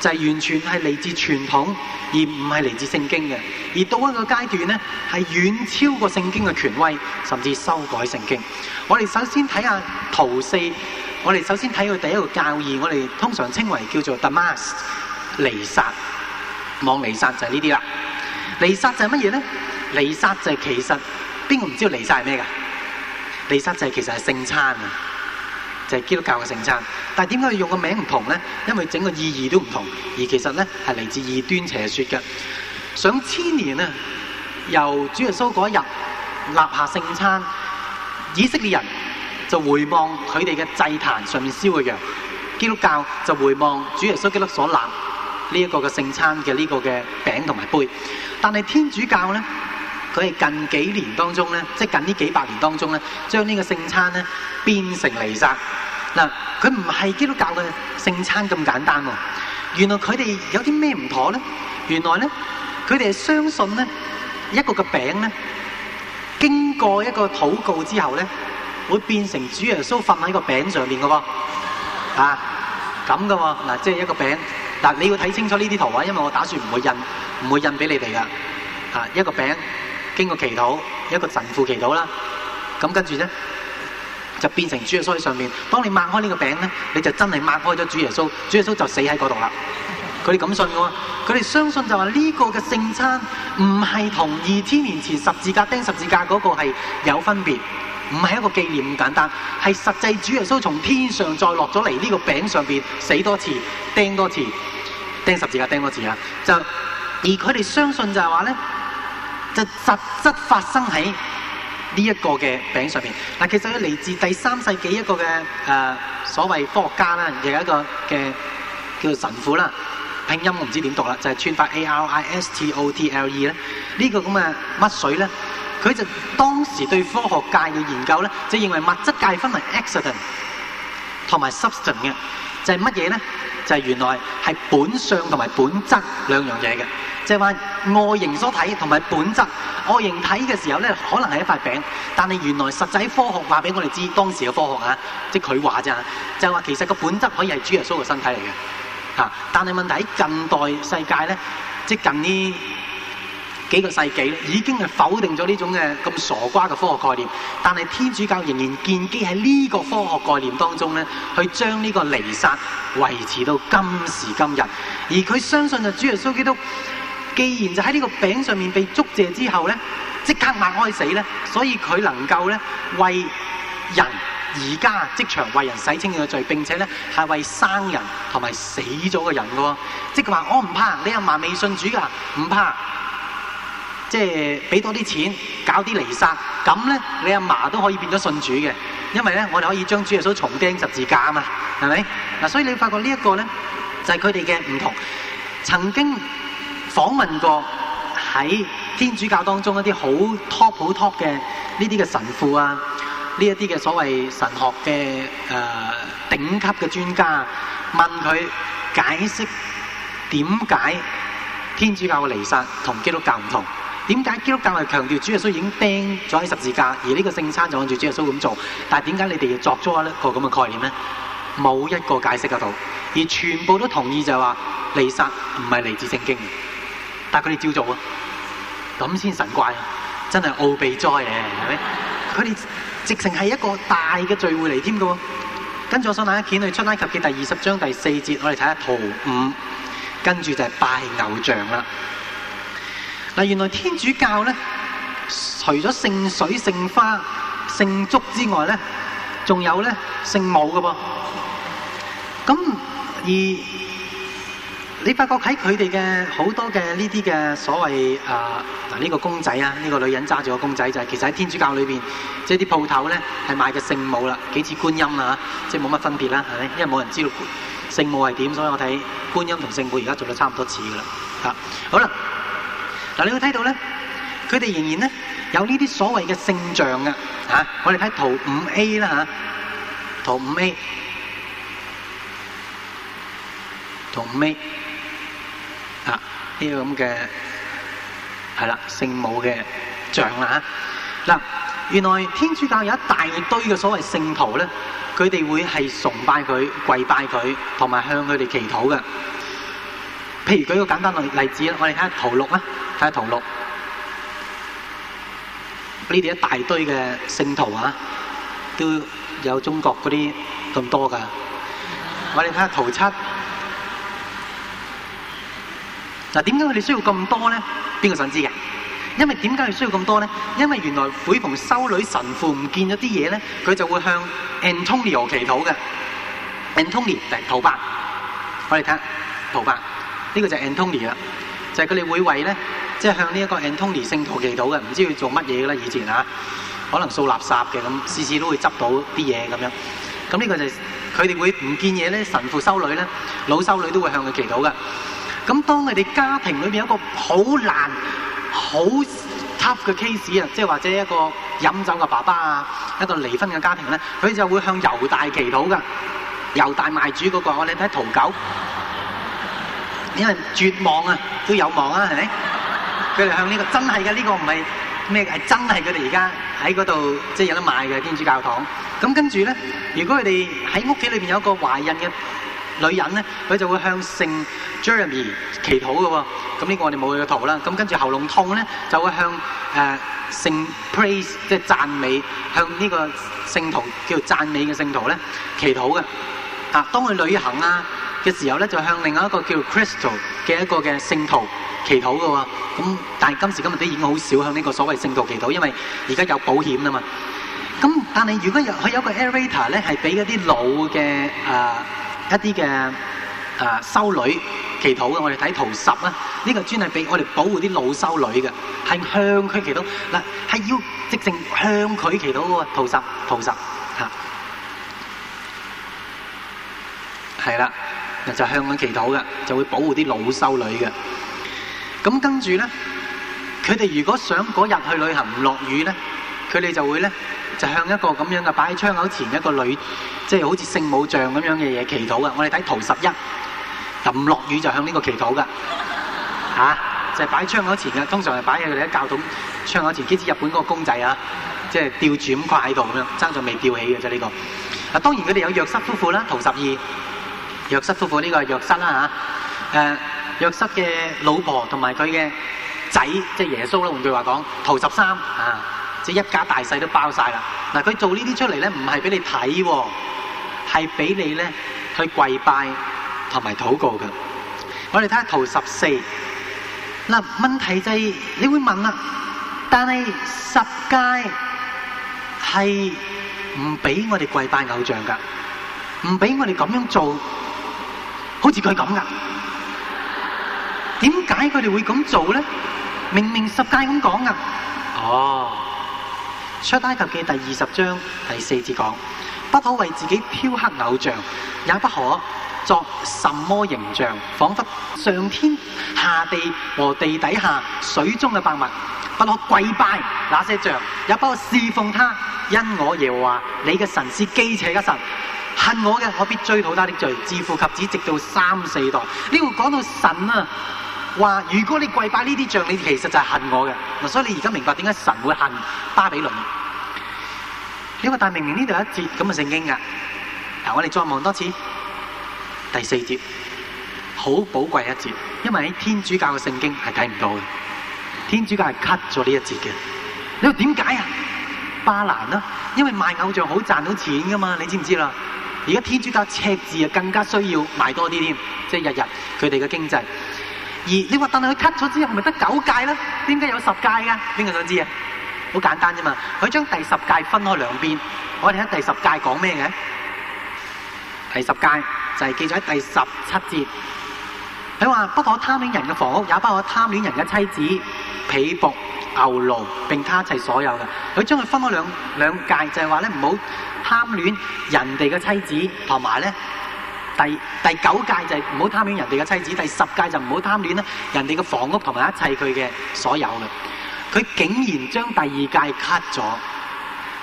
就係、是、完全係嚟自傳統，而唔係嚟自聖經嘅。而到一個階段咧，係遠超過聖經嘅權威，甚至修改聖經。我哋首先睇下圖四，我哋首先睇佢第一個教義，我哋通常稱為叫做 The Mass 彌撒，望彌撒就係呢啲啦。彌撒就係乜嘢咧？彌撒就係其實邊個唔知道彌撒係咩㗎？彌撒就係其實係聖餐。就係、是、基督教嘅聖餐，但係點解用個名唔同咧？因為整個意義都唔同，而其實咧係嚟自異端邪說嘅。上千年啊，由主耶穌嗰一日立下聖餐，以色列人就回望佢哋嘅祭壇上面燒嘅羊，基督教就回望主耶穌基督所立呢一個嘅聖餐嘅呢個嘅餅同埋杯，但係天主教咧。佢係近幾年當中咧，即係近呢幾百年當中咧，將呢個聖餐咧變成彌撒嗱，佢唔係基督教嘅聖餐咁簡單喎。原來佢哋有啲咩唔妥咧？原來咧，佢哋係相信咧一個個餅咧，經過一個禱告之後咧，會變成主耶穌瞓喺個餅上面嘅喎啊，咁嘅喎嗱，即係一個餅嗱，你要睇清楚呢啲圖畫，因為我打算唔會印唔會印俾你哋嘅啊，一個餅。邊個祈禱，一個神父祈禱啦，咁跟住咧就變成主耶穌喺上面。當你擘開呢個餅咧，你就真係擘開咗主耶穌，主耶穌就死喺嗰度啦。佢哋咁信嘅喎，佢哋相信就話呢個嘅聖餐唔係同二千年前十字架釘十字架嗰個係有分別，唔係一個紀念咁簡單，係實際主耶穌從天上再落咗嚟，呢個餅上邊死多次，釘多次，釘十字架釘多次啊！就而佢哋相信就係話咧。就實質發生喺呢一個嘅餅上邊。嗱，其實佢嚟自第三世紀一個嘅誒所謂科學家啦，又有一個嘅叫做神父啦，拼音我唔知點讀啦，就係穿法 Aristotle 咧。呢個咁嘅乜水咧，佢就當時對科學界嘅研究咧，就認為物質界分為 accident 同埋 substance 嘅。就係乜嘢咧？就係、是、原來係本相同埋本質兩樣嘢嘅，就係話外形所睇同埋本質外形睇嘅時候咧，可能係一塊餅，但係原來實際科學話俾我哋知，當時嘅科學啊，即係佢話咋，就話、是、其實個本質可以係主耶穌嘅身體嚟嘅嚇，但係問題喺近代世界咧，即係近呢。幾個世紀咧，已經係否定咗呢種嘅咁傻瓜嘅科學概念，但係天主教仍然建基喺呢個科學概念當中咧，去將呢個彌撒維持到今時今日。而佢相信就主耶穌基督，既然就喺呢個餅上面被祝謝之後咧，即刻擘開死咧，所以佢能夠咧為人而家即場為人洗清佢嘅罪，並且咧係為生人同埋死咗嘅人嘅喎。即係話我唔怕，你阿嫲未信主㗎，唔怕。即係畀多啲錢搞啲彌撒，咁咧你阿嫲都可以變咗信主嘅，因為咧我哋可以將主耶穌重釘十字架啊嘛，係咪？嗱，所以你發覺呢一個咧就係佢哋嘅唔同。曾經訪問過喺天主教當中一啲好 top 好 top 嘅呢啲嘅神父啊，呢一啲嘅所謂神學嘅誒、呃、頂級嘅專家，啊，問佢解釋點解天主教嘅彌撒同基督教唔同。點解基督教係強調主耶穌已經釘咗喺十字架，而呢個聖餐就按照主耶穌咁做？但係點解你哋要作咗一個咁嘅概念咧？冇一個解釋得到，而全部都同意就係話彌撒唔係嚟自聖經，但係佢哋照做啊！咁先神怪，真係奧秘哉嘅，係咪？佢哋直情係一個大嘅聚會嚟添喎。跟住我想睇一睇去出埃及記第二十章第四節，我哋睇下圖五，跟住就係拜偶像啦。嗱，原來天主教咧，除咗聖水、聖花、聖燭之外咧，仲有咧聖母嘅噃。咁而你發覺喺佢哋嘅好多嘅呢啲嘅所謂啊嗱，呢、呃這個公仔啊，呢、這個女人揸住個公仔就係、是、其實喺天主教裏邊、啊，即係啲鋪頭咧係賣嘅聖母啦，幾似觀音啦嚇，即係冇乜分別啦，係咪？因為冇人知道聖母係點，所以我睇觀音同聖母而家做得差唔多似嘅啦。嚇、啊，好啦。嗱，你會睇到咧，佢哋仍然咧有呢啲所謂嘅聖像嘅嚇，我哋睇圖五 A 啦嚇，圖五 A，圖五 A 啊，呢個咁嘅係啦，聖母嘅像啦嚇。嗱，原來天主教有一大堆嘅所謂聖徒咧，佢哋會係崇拜佢、跪拜佢，同埋向佢哋祈禱嘅。譬如舉個簡單例例子啦，我哋睇下圖六啦，睇下圖六，呢啲一大堆嘅聖徒啊，都有中國嗰啲咁多噶。我哋睇下圖七，就點解佢哋需要咁多咧？邊個想知嘅？因為點解要需要咁多咧？因為原來每逢修女神父唔見咗啲嘢咧，佢就會向 Antonio 祈禱嘅。Antonio 嚟圖八，我哋睇下圖八。呢個就係 Anthony 啦，就係佢哋會為咧，即係向呢一個 Anthony 聖徒祈禱嘅，唔知佢做乜嘢啦，以前啊，可能掃垃圾嘅咁，次次都會執到啲嘢咁樣。咁呢個就係佢哋會唔見嘢咧，神父修女咧，老修女都會向佢祈禱嘅。咁當佢哋家庭裏邊有一個好難好 tough 嘅 case 啊，即係或者一個飲酒嘅爸爸啊，一個離婚嘅家庭咧，佢就會向猶大祈禱嘅，猶大賣主嗰個。我哋睇圖九。因為絕望啊，都有望啊，係咪？佢 哋向呢、這個真係嘅呢個唔係咩？係真係佢哋而家喺嗰度即係有得賣嘅天主教堂。咁，跟住咧，如果佢哋喺屋企裏邊有個懷孕嘅女人咧，佢就會向聖 Jeremy 祈禱嘅喎、哦。咁呢個我哋冇佢嘅圖啦。咁跟住喉嚨痛咧，就會向誒、呃、聖 Praise，即係讚美，向呢個聖徒叫做讚美嘅聖徒咧祈禱嘅。嚇、啊，當佢旅行啊嘅時候咧，就向另外一個叫 Crystal 嘅一個嘅聖徒祈禱嘅喎。咁但係今時今日都已經好少向呢個所謂聖徒祈禱，因為而家有保險吖嘛。咁但係如果有佢有個 Aerator 咧，係俾嗰啲老嘅誒一啲嘅誒修女祈禱嘅。我哋睇圖十咧，呢個專係俾我哋保護啲老修女嘅，係向佢祈禱嗱，係要直情向佢祈禱嘅喎。圖十，圖十嚇，係啦。就向佢祈禱嘅，就會保護啲老修女嘅。咁跟住咧，佢哋如果想嗰日去旅行唔落雨咧，佢哋就會咧就向一個咁樣嘅擺喺窗口前一個女，即係好似聖母像咁樣嘅嘢祈禱嘅。我哋睇圖十一，唔落雨就向呢個祈禱嘅嚇，就係擺喺窗口前嘅。通常係擺喺佢哋喺教堂窗口前，幾似日本嗰個公仔啊，即係吊住咁掛喺度咁樣，爭仲未吊起嘅啫呢個。嗱、啊，當然佢哋有約瑟夫婦啦，圖十二。約瑟夫婦呢個約瑟啦吓，誒約瑟嘅老婆同埋佢嘅仔，即係耶穌啦。換句話講，圖十三啊，即係一家大細都包晒啦。嗱，佢做呢啲出嚟咧，唔係俾你睇，係俾你咧去跪拜同埋禱告嘅。我哋睇下圖十四。嗱，問題就係你會問啦，但係十誡係唔俾我哋跪拜偶像噶，唔俾我哋咁樣做。好似佢咁噶，點解佢哋會咁做咧？明明十誡咁講噶。哦，《出埃及記》第二十章第四節講：不可為自己雕刻偶像，也不可作什麼形象，彷彿上天下地和地底下水中嘅百物，不可跪拜那些像，也不可侍奉他，因我耶和華你嘅神是忌邪嘅神。恨我嘅，我必追討他的罪，自父及子，直到三四代。呢度講到神啊，話如果你跪拜呢啲像，你其實就係恨我嘅。所以你而家明白點解神會恨巴比倫？你話大明明呢度有一節咁嘅聖經噶。嗱，我哋再望多次第四節，好寶貴一節，因為喺天主教嘅聖經係睇唔到嘅，天主教係 cut 咗呢一節嘅。你話點解啊？巴蘭啊，因為賣偶像好賺到錢噶嘛，你知唔知啦？而家天主教赤字啊，更加需要賣多啲添，即係日日佢哋嘅經濟。而你話，但係佢 cut 咗之後，咪得九誡啦？點解有十誡嘅？邊個想知啊？好簡單啫嘛。佢將第十誡分開兩邊，我哋喺第十誡講咩嘅？第十誡就係、是、記咗喺第十七節。佢話：不可貪戀人嘅房屋，也不可貪戀人嘅妻子、僕婢、牛驢，並他一切所有嘅。佢將佢分開兩兩誡，就係話咧唔好。貪戀人哋嘅妻子，同埋咧第第九界就係唔好貪戀人哋嘅妻子，第十界就唔好貪戀啦，人哋嘅房屋同埋一切佢嘅所有啦。佢竟然將第二界 cut 咗，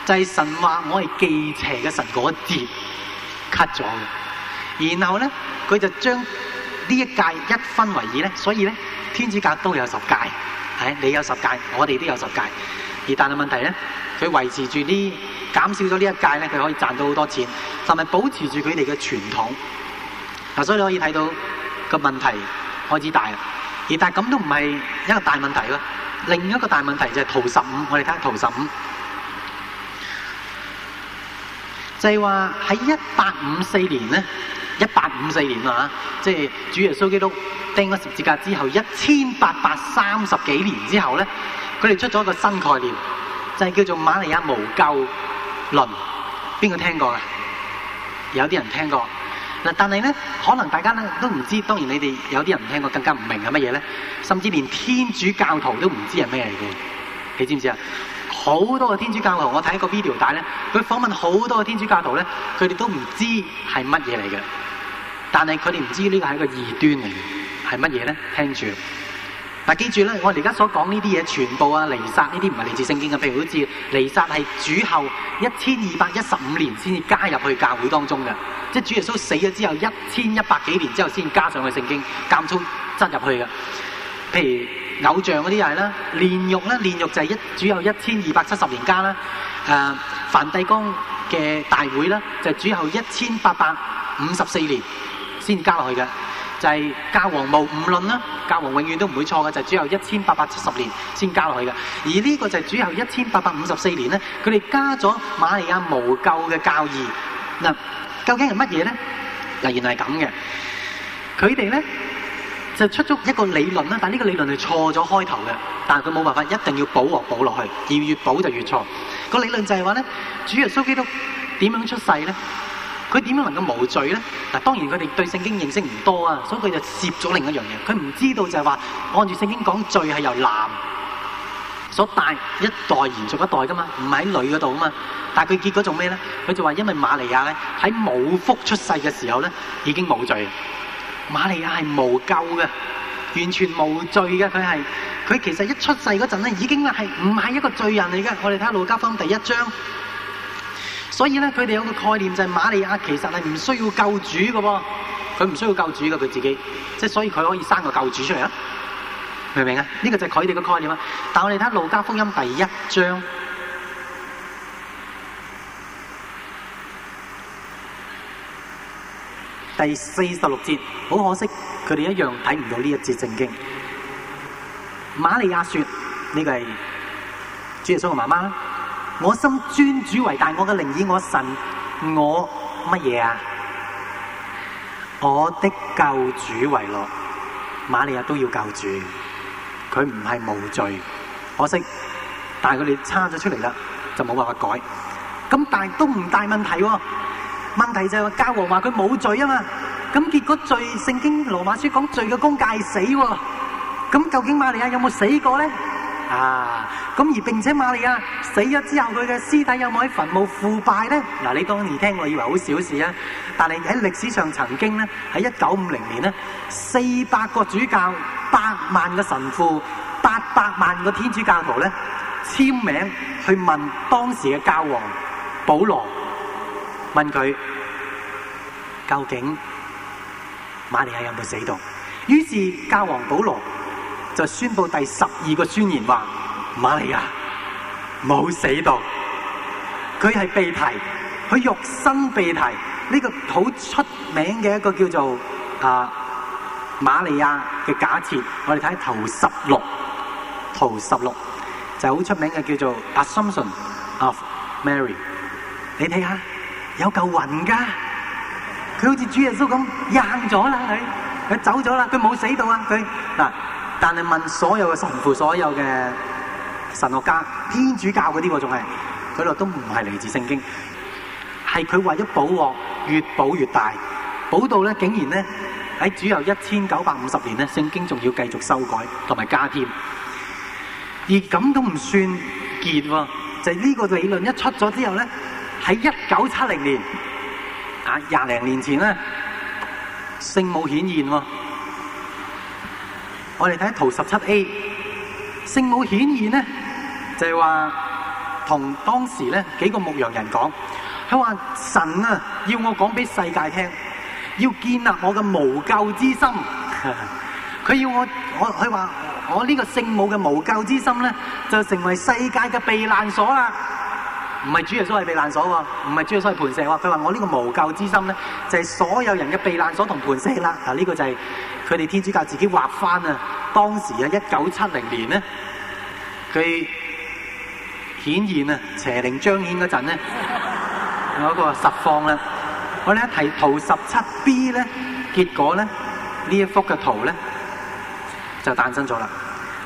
就係、是、神話我係忌邪嘅神嗰字 cut 咗，然後咧佢就將呢一界一分為二咧，所以咧天主教都有十界，係你有十界，我哋都有十界，而但係問題咧。佢維持住呢減少咗呢一屆咧，佢可以賺到好多錢，同埋保持住佢哋嘅傳統。嗱，所以你可以睇到個問題開始大啦。而但咁都唔係一個大問題啦。另一個大問題就係圖十五，我哋睇下圖十五，就係話喺一八五四年咧，一八五四年啊，即係主耶穌基督釘咗十字架之後一千八百三十幾年之後咧，佢哋出咗一個新概念。就係叫做瑪利亞無救論，邊個聽過啊？有啲人聽過嗱，但係咧，可能大家咧都唔知。當然你哋有啲人唔聽過，更加唔明係乜嘢咧。甚至連天主教徒都唔知係咩嚟嘅。你知唔知啊？好多嘅天主教徒，我睇個 video 帶咧，佢訪問好多嘅天主教徒咧，佢哋都唔知係乜嘢嚟嘅。但係佢哋唔知呢個係一個異端嚟嘅，係乜嘢咧？聽住。嗱，記住咧，我哋而家所講呢啲嘢，全部啊，彌撒呢啲唔係嚟自聖經嘅，譬如好似彌撒係主後一千二百一十五年先至加入去教會當中嘅，即係主耶穌死咗之後一千一百幾年之後先加上去聖經間充塞入去嘅。譬如偶像嗰啲啊，啦，煉獄咧，煉獄就係一主後一千二百七十年間啦。誒、呃，梵蒂岡嘅大會咧，就係主後一千八百五十四年先加落去嘅。就係、是、教皇無誤論啦，教皇永遠都唔會錯嘅，就係、是、主後一千八百七十年先加落去嘅。而呢個就係主後一千八百五十四年咧，佢哋加咗瑪利亞無咎嘅教義。嗱，究竟係乜嘢咧？嗱，原嚟係咁嘅。佢哋咧就出咗一個理論啦，但係呢個理論係錯咗開頭嘅，但係佢冇辦法，一定要補和補落去，而越補就越錯。個理論就係話咧，主耶穌基督點樣出世咧？佢點樣能夠無罪咧？嗱，當然佢哋對聖經認識唔多啊，所以佢就涉咗另一樣嘢。佢唔知道就係話，按住聖經講罪係由男所帶一代延續一代噶嘛，唔係喺女嗰度啊嘛。但係佢結果做咩咧？佢就話因為瑪利亞咧，喺冇福出世嘅時候咧已經無罪了，瑪利亞係無咎嘅，完全無罪嘅。佢係佢其實一出世嗰陣咧已經係唔係一個罪人嚟嘅。我哋睇下路加福音第一章。所以呢，佢哋有個概念就係瑪利亞其實係唔需要救主嘅，佢唔需要救主嘅，佢自己，即係所以佢可以生個救主出嚟啊？明唔明啊？呢、這個就係佢哋嘅概念啊！但係我哋睇路加福音第一章第四十六節，好可惜，佢哋一樣睇唔到呢一節聖經。瑪利亞說：呢、這個係主耶穌個媽媽。我心尊主為大，我嘅靈以我神，我乜嘢啊？我的救主為樂。瑪利亞都要救主，佢唔係無罪，可惜，但係佢哋差咗出嚟啦，就冇辦法改。咁但係都唔大問題，問題就係話教皇話佢冇罪啊嘛。咁結果罪，聖經羅馬書講罪嘅工價係死，咁究竟瑪利亞有冇死過咧？啊！咁而並且瑪利亞死咗之後，佢嘅屍體有冇喺墳墓腐敗咧？嗱，你當年聽我以為好小事啊，但係喺歷史上曾經咧，喺一九五零年咧，四百個主教、百萬個神父、八百萬個天主教徒咧，簽名去問當時嘅教皇保羅，問佢究竟瑪利亞有冇死到？於是教皇保羅。就宣布第十二個宣言話：瑪利亞冇死到，佢係被提，佢肉身被提。呢個好出名嘅一個叫做啊瑪利亞嘅假設，我哋睇圖十六，圖十六就係好出名嘅叫做 Assumption of Mary。你睇下，有嚿雲噶，佢好似主耶穌咁硬咗啦，佢佢走咗啦，佢冇死到啊，佢嗱。但係問所有嘅神父、所有嘅神學家、天主教嗰啲，仲係佢度都唔係嚟自聖經，係佢為咗保鑊，越保越大，保到咧竟然咧喺主有一千九百五十年咧，聖經仲要繼續修改同埋加添，而咁都唔算結喎，就係呢個理論一出咗之後咧，喺一九七零年啊，廿零年前咧，聖母顯現喎。我哋睇圖十七 A，聖母顯現咧，就係話同當時咧幾個牧羊人講，佢話神啊，要我講俾世界聽，要建立我嘅無救之心。佢要我，我佢話我呢個聖母嘅無救之心咧，就成為世界嘅避難所啦。唔係主耶穌係避難所喎，唔係主耶穌係磐石喎。佢話我呢個無救之心咧，就係所有人嘅避難所同磐石啦。啊，呢個就係。佢哋天主教自己畫返啊！當時啊，一九七零年他佢顯現啊，邪靈彰顯嗰陣咧，有一個實況啦。我哋一睇圖十七 B 結結果咧呢呢一幅嘅圖就誕生咗啦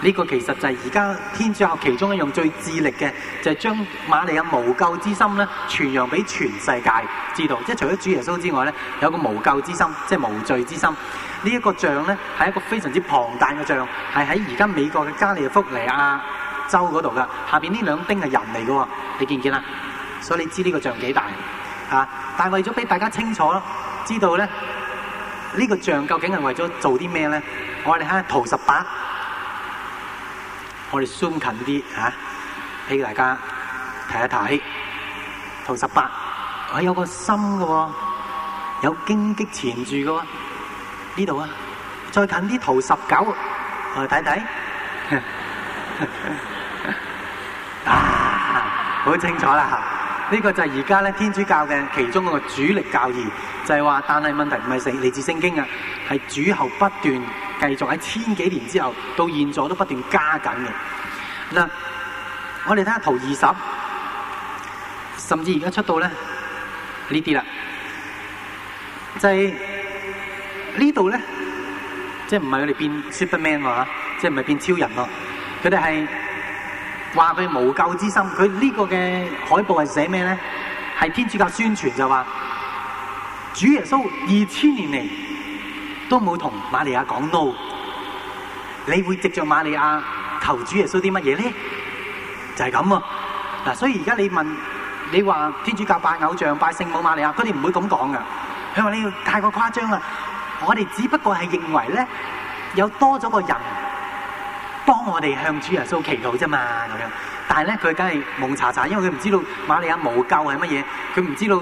呢、這個其實就係而家天主教其中一樣最致力嘅，就係將瑪利亞無垢之心咧，傳揚俾全世界知道。即係除咗主耶穌之外咧，有一個無垢之心，即係無罪之心。這個、呢一個像咧，係一個非常之龐大嘅像，係喺而家美國嘅加利福尼亞州嗰度噶。下邊呢兩丁係人嚟嘅喎，你見唔見啊？所以你知呢個像幾大啊？但係為咗俾大家清楚囉知道咧，呢、這個像究竟係為咗做啲咩咧？我哋睇下圖十八。我哋 zoom 近啲嚇，俾、啊、大家睇一睇圖十八，哎，我有個心嘅喎，哦，有荊棘纏住嘅喎，呢度啊，再近啲圖十九，我哋睇睇，啊好清楚啦嚇，呢、這個就係而家咧天主教嘅其中一個主力教義，就係話，但係問題唔係嚟嚟自聖經啊，係主後不斷。繼續喺千幾年之後，到現在都不斷加緊嘅嗱，我哋睇下圖二十，甚至而家出到咧呢啲啦，就係呢度咧，即唔係佢哋變 superman 啊，即唔係變超人咯，佢哋係話佢無咎之心，佢呢個嘅海報係寫咩呢？係天主教宣傳就話，主耶穌二千年嚟都冇同瑪利亞講 no，你會藉着瑪利亞求主耶穌啲乜嘢咧？就係咁啊！嗱，所以而家你問你話天主教拜偶像拜聖母瑪利亞，佢哋唔會咁講噶。佢話你要太過誇張啦，我哋只不過係認為咧，有多咗個人幫我哋向主耶穌祈禱啫嘛咁樣。但係咧，佢梗係蒙查查，因為佢唔知道瑪利亞無教係乜嘢，佢唔知道。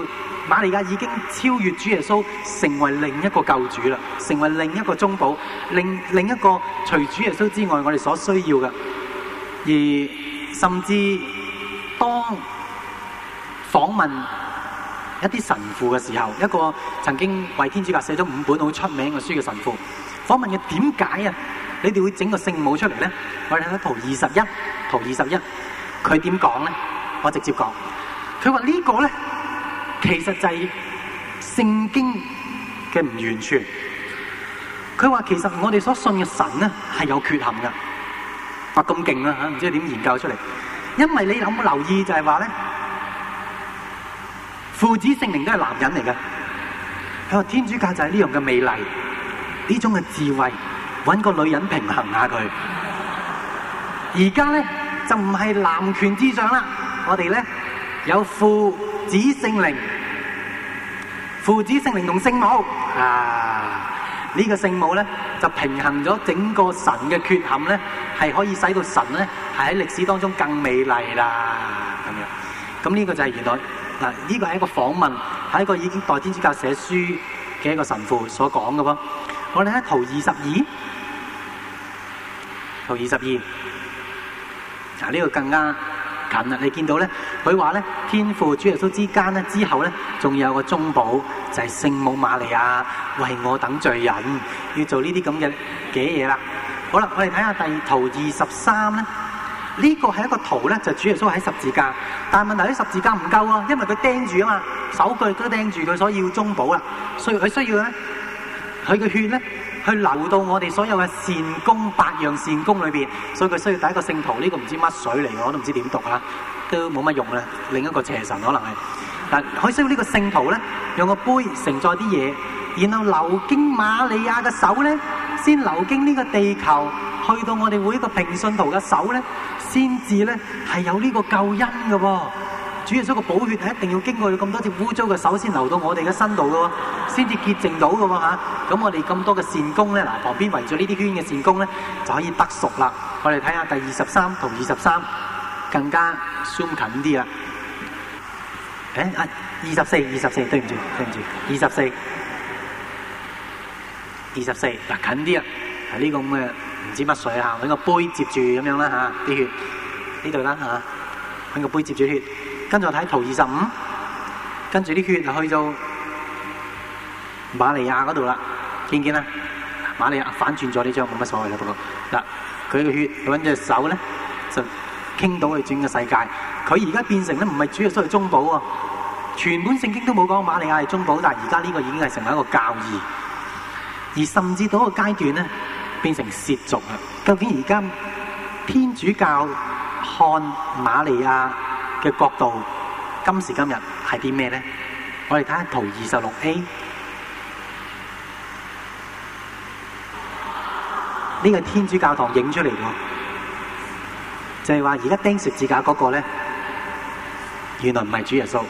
瑪利亞已經超越主耶穌，成為另一個救主啦，成為另一個中保，另另一個除主耶穌之外，我哋所需要嘅。而甚至當訪問一啲神父嘅時候，一個曾經為天主教寫咗五本好出名嘅書嘅神父，訪問嘅點解啊？你哋會整個聖母出嚟咧？我哋睇一圖二十一，圖二十一，佢點講咧？我直接講，佢話呢個咧。其實就係聖經嘅唔完全，佢話其實我哋所信嘅神呢係有缺陷㗎，哇咁勁啊吓，唔知點研究出嚟。因為你有冇留意就係話咧，父子聖靈都係男人嚟嘅，佢話天主教就係呢樣嘅美麗，呢種嘅智慧，揾個女人平衡下佢，而家咧就唔係男權至上啦，我哋咧。有父子聖靈，父子聖靈同聖母啊！呢個聖母咧就平衡咗整個神嘅缺陷咧，係可以使到神咧係喺歷史當中更美麗啦咁樣。咁呢個就係原來嗱，呢個係一個訪問，係一個已經代天主教寫書嘅一個神父所講嘅喎。我哋睇圖二十二，圖二十二，嗱呢個更加近啦，你見到咧，佢話咧，天父主耶穌之間咧，之後咧，仲有個中保，就係、是、聖母瑪利亞，為我等罪人要做呢啲咁嘅嘅嘢啦。好啦，我哋睇下第二圖二十三咧，呢個係一個圖咧，就是、主耶穌喺十字架，但係問題喺十字架唔夠啊，因為佢釘住啊嘛，手腳都釘住佢，所以要中保啦，所以佢需要咧，佢嘅血咧。去流到我哋所有嘅善功，百樣善功裏邊，所以佢需要第一個聖徒，呢、這個唔知乜水嚟，我都唔知點讀吓，都冇乜用啦。另一個邪神可能係嗱，佢需要呢個聖徒咧，用個杯承載啲嘢，然後流經瑪利亞嘅手咧，先流經呢個地球，去到我哋會一個平信徒嘅手咧，先至咧係有呢個救恩嘅喎。主耶穌嘅寶血係一定要經過咁多隻污糟嘅手先流到我哋嘅身度嘅喎，先至潔淨到嘅喎嚇。咁我哋咁多嘅善功咧，嗱，旁邊圍住呢啲圈嘅善功咧，就可以得熟啦。我哋睇下第二十三同二十三更加相近啲啊！誒啊，二十四、二十四，對唔住，對唔住，二十四、二十四，嗱，近啲啊！係呢個咁嘅唔知乜水嚇，搵個杯接住咁樣啦嚇啲血，呢度啦嚇，搵個杯接住血。跟住睇圖二十五，跟住啲血就去到瑪利亞嗰度啦。見唔見啊？瑪利亞反轉咗呢張，冇乜所謂啦，不過嗱，佢個血搵隻手咧，就傾到去轉個世界。佢而家變成咧，唔係主要出去中保喎。全本聖經都冇講瑪利亞係中保，但係而家呢個已經係成為一個教義，而甚至到一個階段咧，變成邪俗啊！究竟而家天主教看瑪利亞嘅角度，今時今日係啲咩呢？我哋睇下圖二十六 A，呢個天主教堂影出嚟嘅，就係話而家釘十字架嗰個呢，原來唔係主耶穌，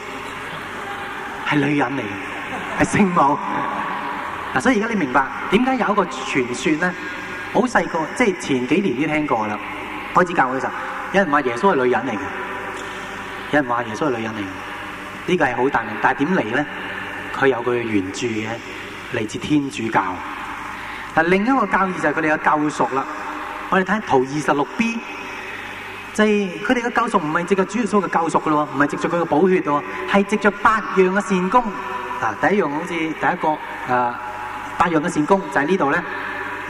係女人嚟嘅，係聖母。 所以而家你明白點解有一個傳説呢，好細個，即係前幾年已經聽過啦。開始教會嘅時候，有人話耶穌係女人嚟嘅。有人話耶穌係女人嚟，呢、這個係好大嘅。但係點嚟咧？佢有佢嘅原著嘅，嚟自天主教。嗱，另一個教義就係佢哋嘅救贖啦。我哋睇圖二十六 B，就係佢哋嘅救贖唔係直係主耶穌嘅救贖噶咯，唔係直著佢嘅寶血度，係直著八樣嘅善功。嗱，第一樣好似第一個，誒、呃，八樣嘅善功就係呢度咧。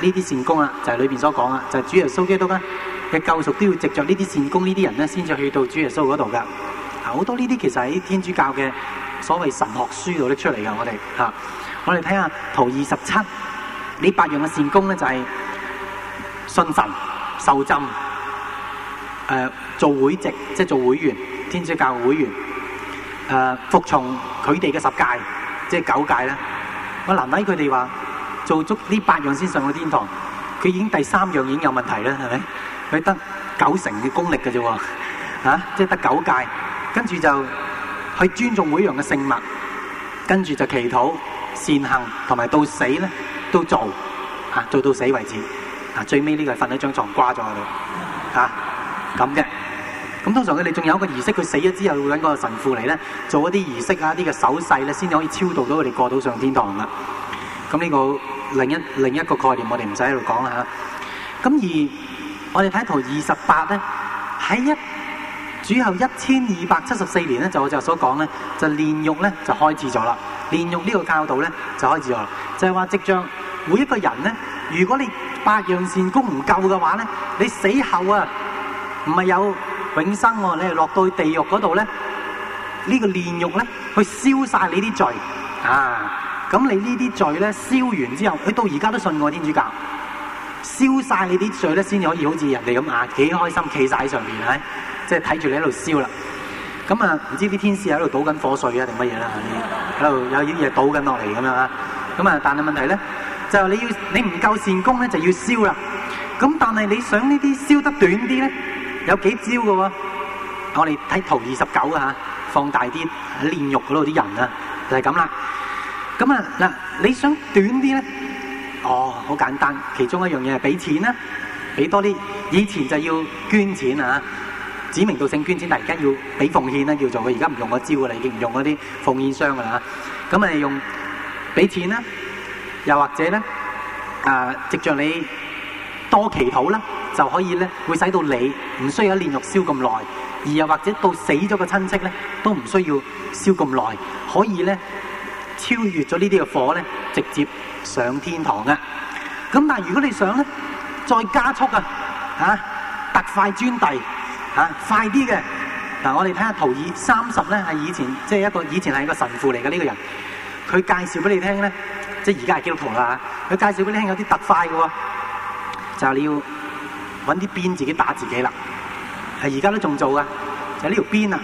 呢啲善功啊，就係裏邊所講啊，就係主耶穌基督嘅救贖都要直著呢啲善功呢啲人咧，先至去到主耶穌嗰度噶。好多呢啲其實喺天主教嘅所謂神學書度拎出嚟嘅，我哋嚇，我哋睇下圖二十七，呢八樣嘅善功咧就係信神、受浸、呃、做會籍，即係做會員，天主教會員，呃、服從佢哋嘅十戒，即係九戒呢。我難為佢哋話做足呢八樣先上到天堂，佢已經第三樣已經有問題啦，係咪？佢得九成嘅功力㗎啫喎，嚇，即係得九戒。跟住就去尊重每一樣嘅聖物，跟住就祈禱、善行，同埋到死咧都做，吓做到死為止。嗱，最尾呢個係瞓喺張床瓜咗喺度，吓咁嘅。咁通常佢哋仲有一個儀式，佢死咗之後搵個神父嚟咧做一啲儀式啊，一啲嘅手勢咧先至可以超度到佢哋過到上天堂噶。咁呢個另一另一個概念，我哋唔使喺度講啦吓。咁而我哋睇圖二十八咧喺一。主後一千二百七十四年咧，就我就所講咧，就煉獄咧就開始咗啦。煉獄呢個教導咧就開始咗啦，就係話，即將每一個人咧，如果你八樣善功唔夠嘅話咧，你死後啊，唔係有永生喎，你係落到去地獄嗰度咧，呢個煉獄咧去燒晒你啲罪啊！咁你呢啲罪咧燒完之後，佢到而家都信我天主教，燒晒你啲罪咧先至可以好似人哋咁啊幾開心，企晒喺上面。係。即係睇住你喺度燒啦，咁啊唔知啲天使喺度倒緊火水啊定乜嘢啦？喺度有啲嘢倒緊落嚟咁樣啊，咁啊但係問題咧就係你要你唔夠善功咧就要燒啦，咁但係你想呢啲燒得短啲咧有幾招嘅喎、啊？我哋睇圖二十九啊，放大啲喺煉獄嗰度啲人啊就係咁啦，咁啊嗱你想短啲咧？哦好簡單，其中一樣嘢係俾錢啦、啊，俾多啲，以前就要捐錢啊。指名道姓捐錢，但係而家要俾奉獻啦，叫做佢而家唔用嗰招啦，已經唔用嗰啲奉獻箱噶啦嚇，咁咪用俾錢啦，又或者咧誒，藉、啊、著你多祈禱啦，就可以咧會使到你唔需要喺煉獄燒咁耐，而又或者到死咗個親戚咧都唔需要燒咁耐，可以咧超越咗呢啲嘅火咧，直接上天堂嘅。咁但係如果你想咧，再加速啊嚇，特快專遞。吓、啊，快啲嘅嗱，我哋睇下圖二三十咧，係以前即係、就是、一個以前係個神父嚟嘅呢個人，佢介紹俾你聽咧，即係而家係基督徒啦。佢介紹俾你聽有啲特快嘅，就係你要揾啲鞭自己打自己啦。係而家都仲做噶，就係呢條鞭啊，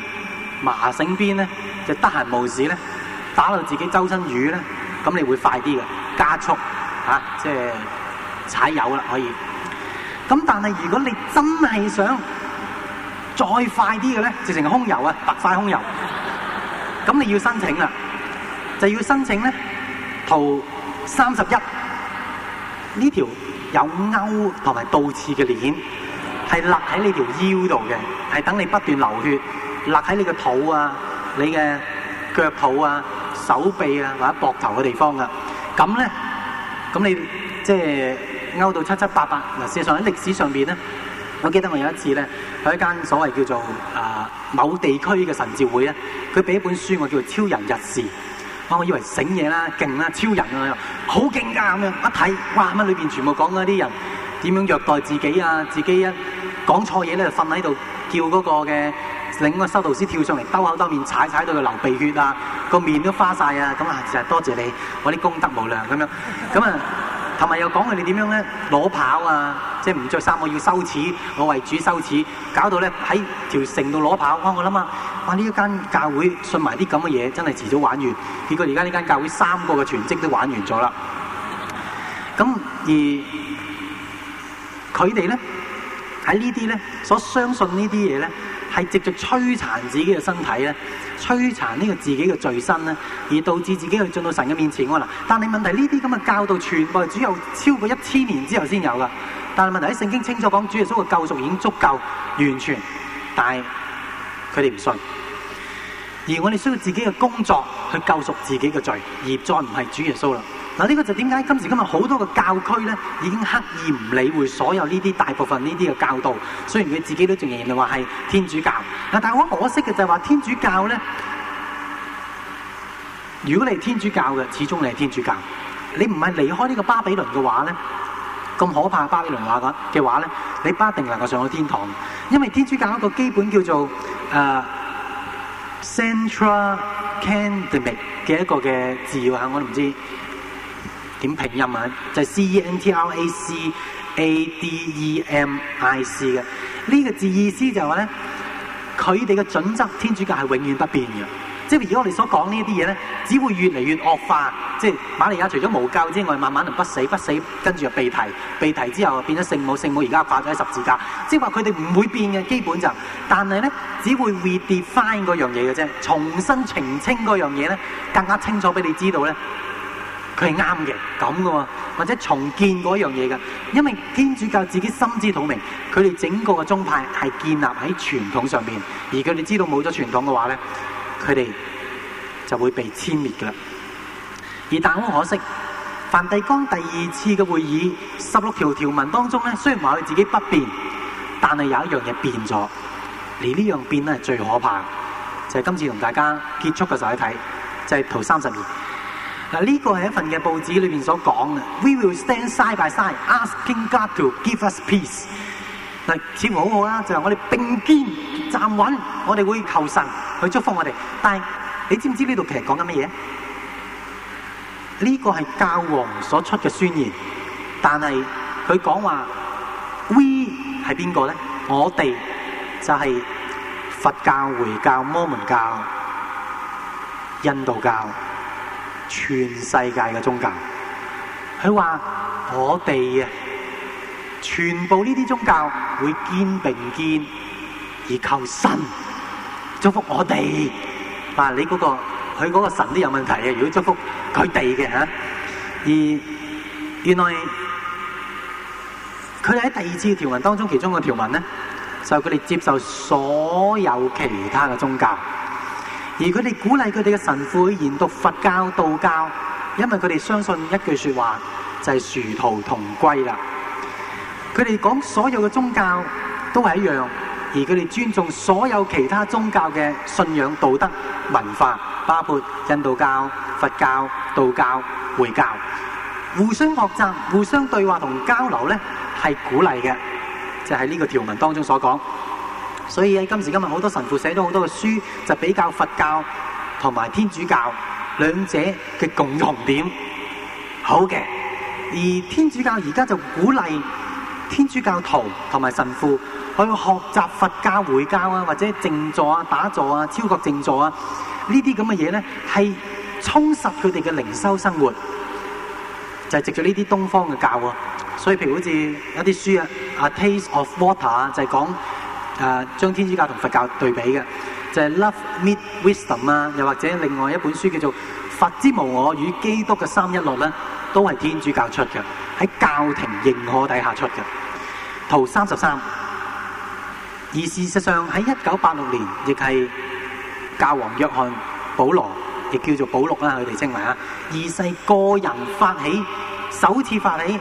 麻繩鞭咧，就得閒無事咧，打到自己周身瘀咧，咁你會快啲嘅加速吓，即、啊、係、就是、踩油啦，可以。咁但係如果你真係想，再快啲嘅咧，就成空油啊，白曬空油。咁你要申請啦，就要申請咧。圖三十一呢條有勾同埋倒刺嘅鏈，係勒喺你條腰度嘅，係等你不斷流血勒喺你嘅肚啊、你嘅腳肚啊、手臂啊或者膊頭嘅地方㗎。咁咧，咁你即係勾到七七八八嗱，事實上喺歷史上面咧？我記得我有一次咧，去一間所謂叫做啊、呃、某地區嘅神召會咧，佢俾一本書我叫做《超人日誌》哇，我以為醒嘢啦、勁啦、超人啊，好勁噶咁樣一睇，哇！乜裏邊全部講嗰啲人點樣虐待自己啊，自己一講錯嘢咧就瞓喺度，叫嗰個嘅另外修道師跳上嚟兜口兜面踩踩到佢流鼻血啊，個面都花晒啊，咁啊，其實多謝你，我啲功德無量咁樣，咁啊。 同埋又講佢哋點樣咧裸跑啊！即係唔着衫，我要羞恥，我為主羞恥，搞到咧喺條城度裸跑。我諗下，哇！呢一間教會信埋啲咁嘅嘢，真係遲早玩完。結果而家呢間教會三個嘅全職都玩完咗啦。咁而佢哋咧喺呢啲咧所相信呢啲嘢咧。係直接摧殘自己嘅身體咧，摧殘呢個自己嘅罪身咧，而導致自己去進到神嘅面前。啦，但係問題呢啲咁嘅教導全部係只有超過一千年之後先有噶但係問題係聖經清楚講，主耶穌嘅救贖已經足夠完全，但係佢哋唔信。而我哋需要自己嘅工作去救贖自己嘅罪，而再唔係主耶穌啦。嗱，呢個就點解今時今日好多個教區咧，已經刻意唔理會所有呢啲大部分呢啲嘅教導。雖然佢自己都仲仍然話係天主教，嗱，但係好可惜嘅就係話天主教咧，如果你係天主教嘅，始終你係天主教。你唔係離開呢個巴比倫嘅話咧，咁可怕嘅巴比倫話嘅嘅話咧，你不一定能夠上到天堂。因為天主教有一個基本叫做誒、呃、central candidate 嘅一個嘅字，我係我都唔知。點拼英文就係、是、C E N T R A C A D E M I C 嘅，呢、這個字意思就話、是、咧，佢哋嘅準則，天主教係永遠不變嘅。即係如果我哋所講呢一啲嘢咧，只會越嚟越惡化。即係瑪利亞除咗無教之外，慢慢就不死不死，跟住就被提被提之後變咗聖母，聖母而家化咗喺十字架。即係話佢哋唔會變嘅基本就，但係咧只會 redefine 嗰樣嘢嘅啫，重新澄清嗰樣嘢咧，更加清楚俾你知道咧。佢係啱嘅，咁嘅喎，或者重建嗰樣嘢嘅，因為天主教自己心知肚明，佢哋整個嘅宗派係建立喺傳統上面，而佢哋知道冇咗傳統嘅話咧，佢哋就會被殲滅嘅啦。而但好可惜，梵蒂岡第二次嘅會議十六條條文當中咧，雖然話佢自己不變，但係有一樣嘢變咗，而呢樣變咧係最可怕，就係、是、今次同大家結束嘅時候睇，就係、是、圖三十年。嗱、這、呢個係一份嘅報紙裏面所講嘅，We will stand side by side，asking God to give us peace。嗱，似乎好好啦，就係、是、我哋並肩站穩，我哋會求神去祝福我哋。但係你知唔知呢度其實講緊乜嘢？呢、這個係教皇所出嘅宣言，但係佢講話，We 係邊個咧？我哋就係佛教、回教、摩門教、印度教。全世界嘅宗教，佢話我哋啊，全部呢啲宗教會肩並肩而求神祝福我哋。啊，你嗰個，佢嗰個神都有問題嘅，如果祝福佢哋嘅吓，而原來佢哋喺第二次條文當中，其中個條文咧，就佢哋接受所有其他嘅宗教。而佢哋鼓勵佢哋嘅神父去研讀佛教、道教，因為佢哋相信一句說話就係殊途同歸啦。佢哋講所有嘅宗教都係一樣，而佢哋尊重所有其他宗教嘅信仰、道德、文化、包括印度教、佛教、道教、回教，互相學習、互相對話同交流咧係鼓勵嘅，就係喺呢個條文當中所講。所以喺今時今日，好多神父寫咗好多嘅書，就比較佛教同埋天主教兩者嘅共同點。好嘅，而天主教而家就鼓勵天主教徒同埋神父去學習佛教、回教啊，或者靜坐啊、打坐啊、超覺靜坐啊，呢啲咁嘅嘢咧，係充實佢哋嘅靈修生活。就係、是、藉著呢啲東方嘅教啊，所以譬如好似有啲書啊，《A Taste of Water》就係講。誒、啊、將天主教同佛教對比嘅，就係、是、Love, Meet, Wisdom 啊，又或者另外一本書叫做《佛之無我與基督嘅三一六》。咧，都係天主教出嘅，喺教廷認可底下出嘅圖三十三。而事實上喺一九八六年，亦係教皇約翰保羅，亦叫做保祿啦，佢哋稱為啊，二世個人發起首次發起。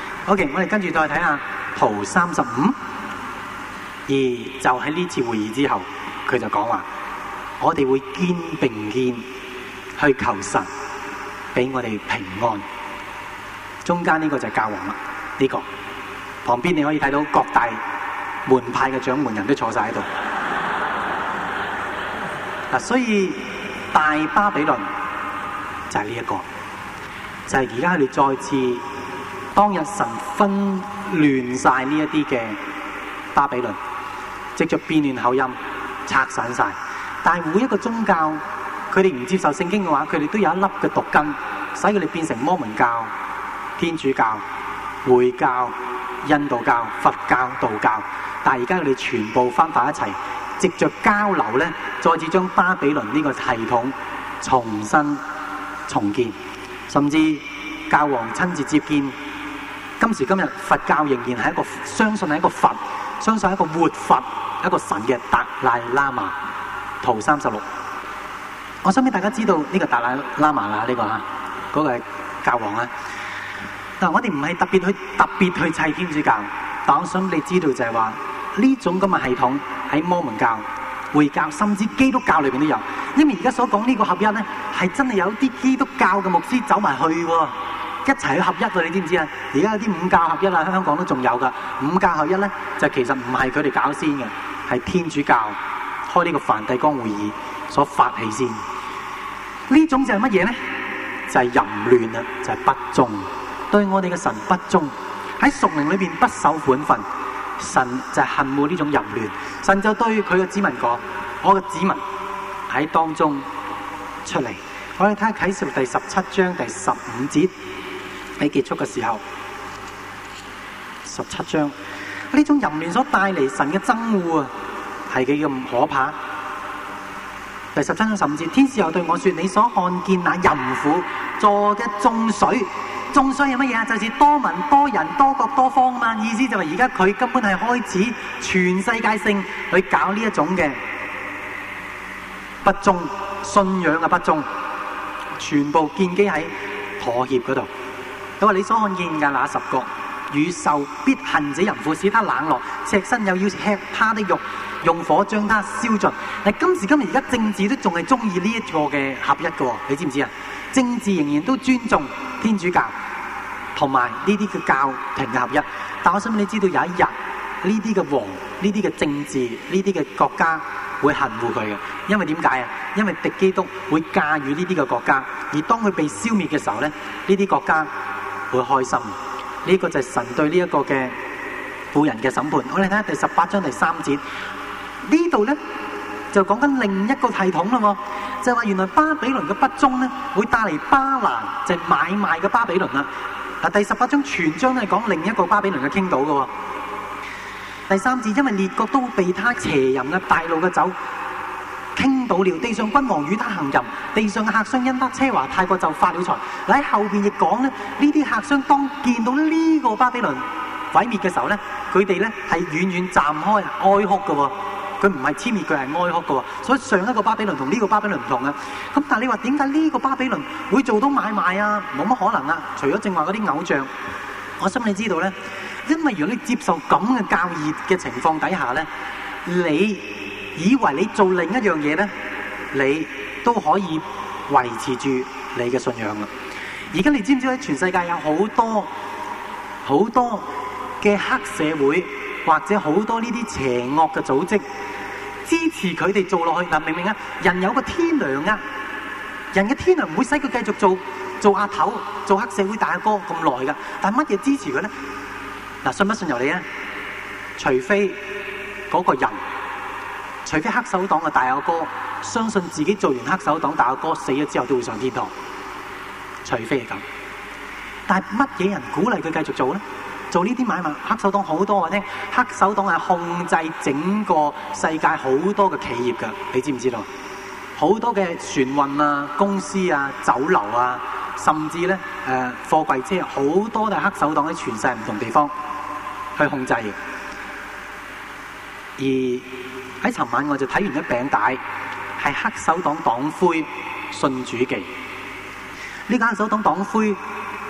OK，我哋跟住再睇下圖三十五。而就喺呢次會議之後，佢就講話：我哋會肩並肩去求神，俾我哋平安。中間呢個就係教皇啦，呢個。旁邊你可以睇到各大門派嘅掌門人都坐曬喺度。所以大巴比倫就係呢一個，就係而家佢哋再次。當日神分亂晒呢一啲嘅巴比倫，藉着變亂口音拆散晒。但每一個宗教，佢哋唔接受聖經嘅話，佢哋都有一粒嘅毒根，使佢哋變成摩門教、天主教、回教、印度教、佛教、道教。但係而家佢哋全部翻返一齊，藉着交流咧，再次將巴比倫呢個系統重新重建，甚至教皇親自接見。今時今日，佛教仍然係一個相信係一個佛，相信係一個活佛，一個神嘅達賴喇嘛。圖三十六，我想俾大家知道呢個達賴喇嘛啦，呢個吓，嗰個係教皇啊。嗱，我哋唔係特別去特別去砌天主教，但我想你知道就係話呢種咁嘅系統喺摩門教、回教，甚至基督教裏邊都有。因為而家所講呢個合一咧，係真係有啲基督教嘅牧師走埋去喎。一齊去合一啊！你知唔知啊？而家有啲五教合一啊，香港都仲有噶。五教合一咧，就其實唔係佢哋搞先嘅，係天主教開呢個梵蒂岡會議所發起先。呢種就係乜嘢咧？就係淫亂啊！就係不忠，對我哋嘅神不忠，喺屬靈裏邊不守本分。神就係恨慕呢種淫亂，神就對佢嘅子民講：我嘅子民喺當中出嚟。我哋睇下啟示錄第十七章第十五節。喺結束嘅時候，十七章呢種淫亂所帶嚟神嘅憎惡啊，係幾咁可怕？第十七章十五節，天使又對我說：你所看見那淫婦坐的眾水，眾水係乜嘢？就是多民、多人、多國、多方嘛，啊！意思就係而家佢根本係開始全世界性去搞呢一種嘅不忠，信仰嘅不忠，全部建基喺妥協嗰度。佢話你所看見嘅那十角與獸必恨這淫婦，使他冷落，赤身又要吃，吃他的肉，用火將他燒盡。但今時今日，而家政治都仲係中意呢一個嘅合一嘅喎，哦，你知唔知啊？政治仍然都尊重天主教同埋呢啲嘅教廷嘅合一。但我想要你知道有一日，呢啲嘅王、呢啲嘅政治、呢啲嘅國家會恨乎佢嘅，因為點解啊？因為敵基督會駕馭呢啲嘅國家，而當佢被消滅嘅時候咧，呢啲國家。會開心，呢個就係神對呢一個嘅婦人嘅審判。我哋睇下第十八章第三節，呢度咧就講緊另一個系統啦，就係話原來巴比倫嘅不忠咧會帶嚟巴蘭，就係買賣嘅巴比倫啦。嗱，第十八章全章係講另一個巴比倫嘅傾倒嘅，第三節因為列國都被他邪淫嘅大怒嘅走。到了地上君王與他行淫，地上嘅客商因得奢華，泰國就發了財。喺後邊亦講咧，呢啲客商當見到呢個巴比倫毀滅嘅時候咧，佢哋咧係遠遠站開，哀哭嘅。佢唔係黐面，佢係哀哭嘅。所以上一個巴比倫同呢個巴比倫唔同啊。咁但係你話點解呢個巴比倫會做到買賣啊？冇乜可能啊！除咗正話嗰啲偶像，我心裏知道咧，因為如果你接受咁嘅教義嘅情況底下咧，你。以為你做另一樣嘢咧，你都可以維持住你嘅信仰噶。而家你知唔知喺全世界有好多好多嘅黑社會或者好多呢啲邪惡嘅組織支持佢哋做落去嗱？明唔明啊？人有個天良啊，人嘅天良唔會使佢繼續做做阿頭、做黑社會大哥咁耐噶。但係乜嘢支持佢咧？嗱，信不信由你啊！除非嗰個人，除非黑手黨嘅大阿哥相信自己做完黑手黨大阿哥死咗之後都會上天堂，除非係咁。但係乜嘢人鼓勵佢繼續做呢？做呢啲買賣，黑手黨好多嘅咧，黑手黨係控制整個世界好多嘅企業㗎，你知唔知道？好多嘅船運啊、公司啊、酒樓啊，甚至咧誒、呃、貨櫃車，好多都係黑手黨喺全世界唔同地方去控制。而喺尋晚我就睇完一餅帶，係黑手黨黨魁信主記。呢間黑手黨黨魁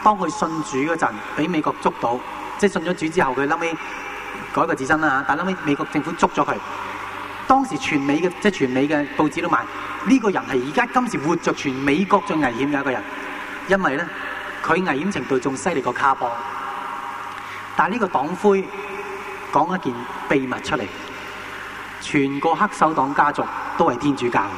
當佢信主嗰陣，俾美國捉到，即係信咗主之後，佢後尾改個自身啦。但係後尾美國政府捉咗佢，當時全美嘅即係全美嘅報紙都賣呢個人係而家今時活著全美國最危險嘅一個人，因為咧佢危險程度仲犀利過卡邦。但係呢個黨魁講一件秘密出嚟。全個黑手黨家族都係天主教嘅。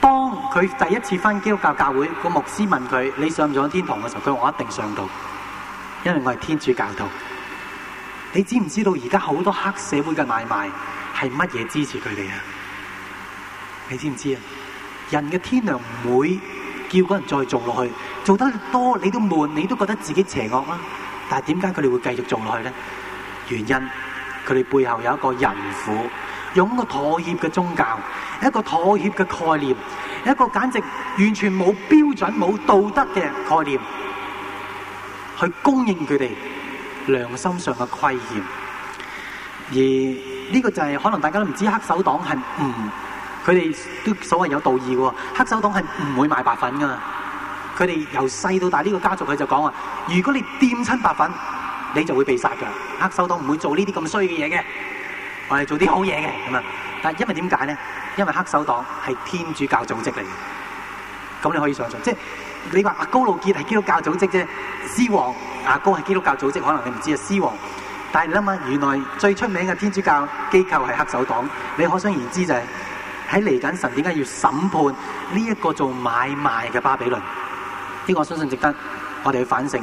當佢第一次翻基督教教會，個牧師問佢：你上唔上天堂嘅時候，佢話我一定上到，因為我係天主教徒。你知唔知道而家好多黑社會嘅買賣係乜嘢支持佢哋啊？你知唔知啊？人嘅天良唔會叫嗰人再做落去，做得多你都悶，你都覺得自己邪惡啦。但係點解佢哋會繼續做落去咧？原因，佢哋背後有一個神父，用一個妥協嘅宗教，一個妥協嘅概念，一個簡直完全冇標準、冇道德嘅概念，去供應佢哋良心上嘅虧欠。而呢個就係、是、可能大家都唔知道，黑手黨係唔佢哋都所謂有道義嘅，黑手黨係唔會賣白粉噶。佢哋由細到大呢個家族，佢就講話，如果你掂親白粉，你就會被殺㗎！黑手黨唔會做呢啲咁衰嘅嘢嘅，我係做啲好嘢嘅，係嘛？但係因為點解咧？因為黑手黨係天主教組織嚟嘅，咁你可以想像。即係你話阿高露潔係基督教組織啫，獅王阿、啊、高係基督教組織，可能你唔知啊，獅王。但係你諗下，原來最出名嘅天主教機構係黑手黨，你可想而知就係喺嚟緊神點解要審判呢一個做買賣嘅巴比倫？呢、這個我相信值得我哋去反省。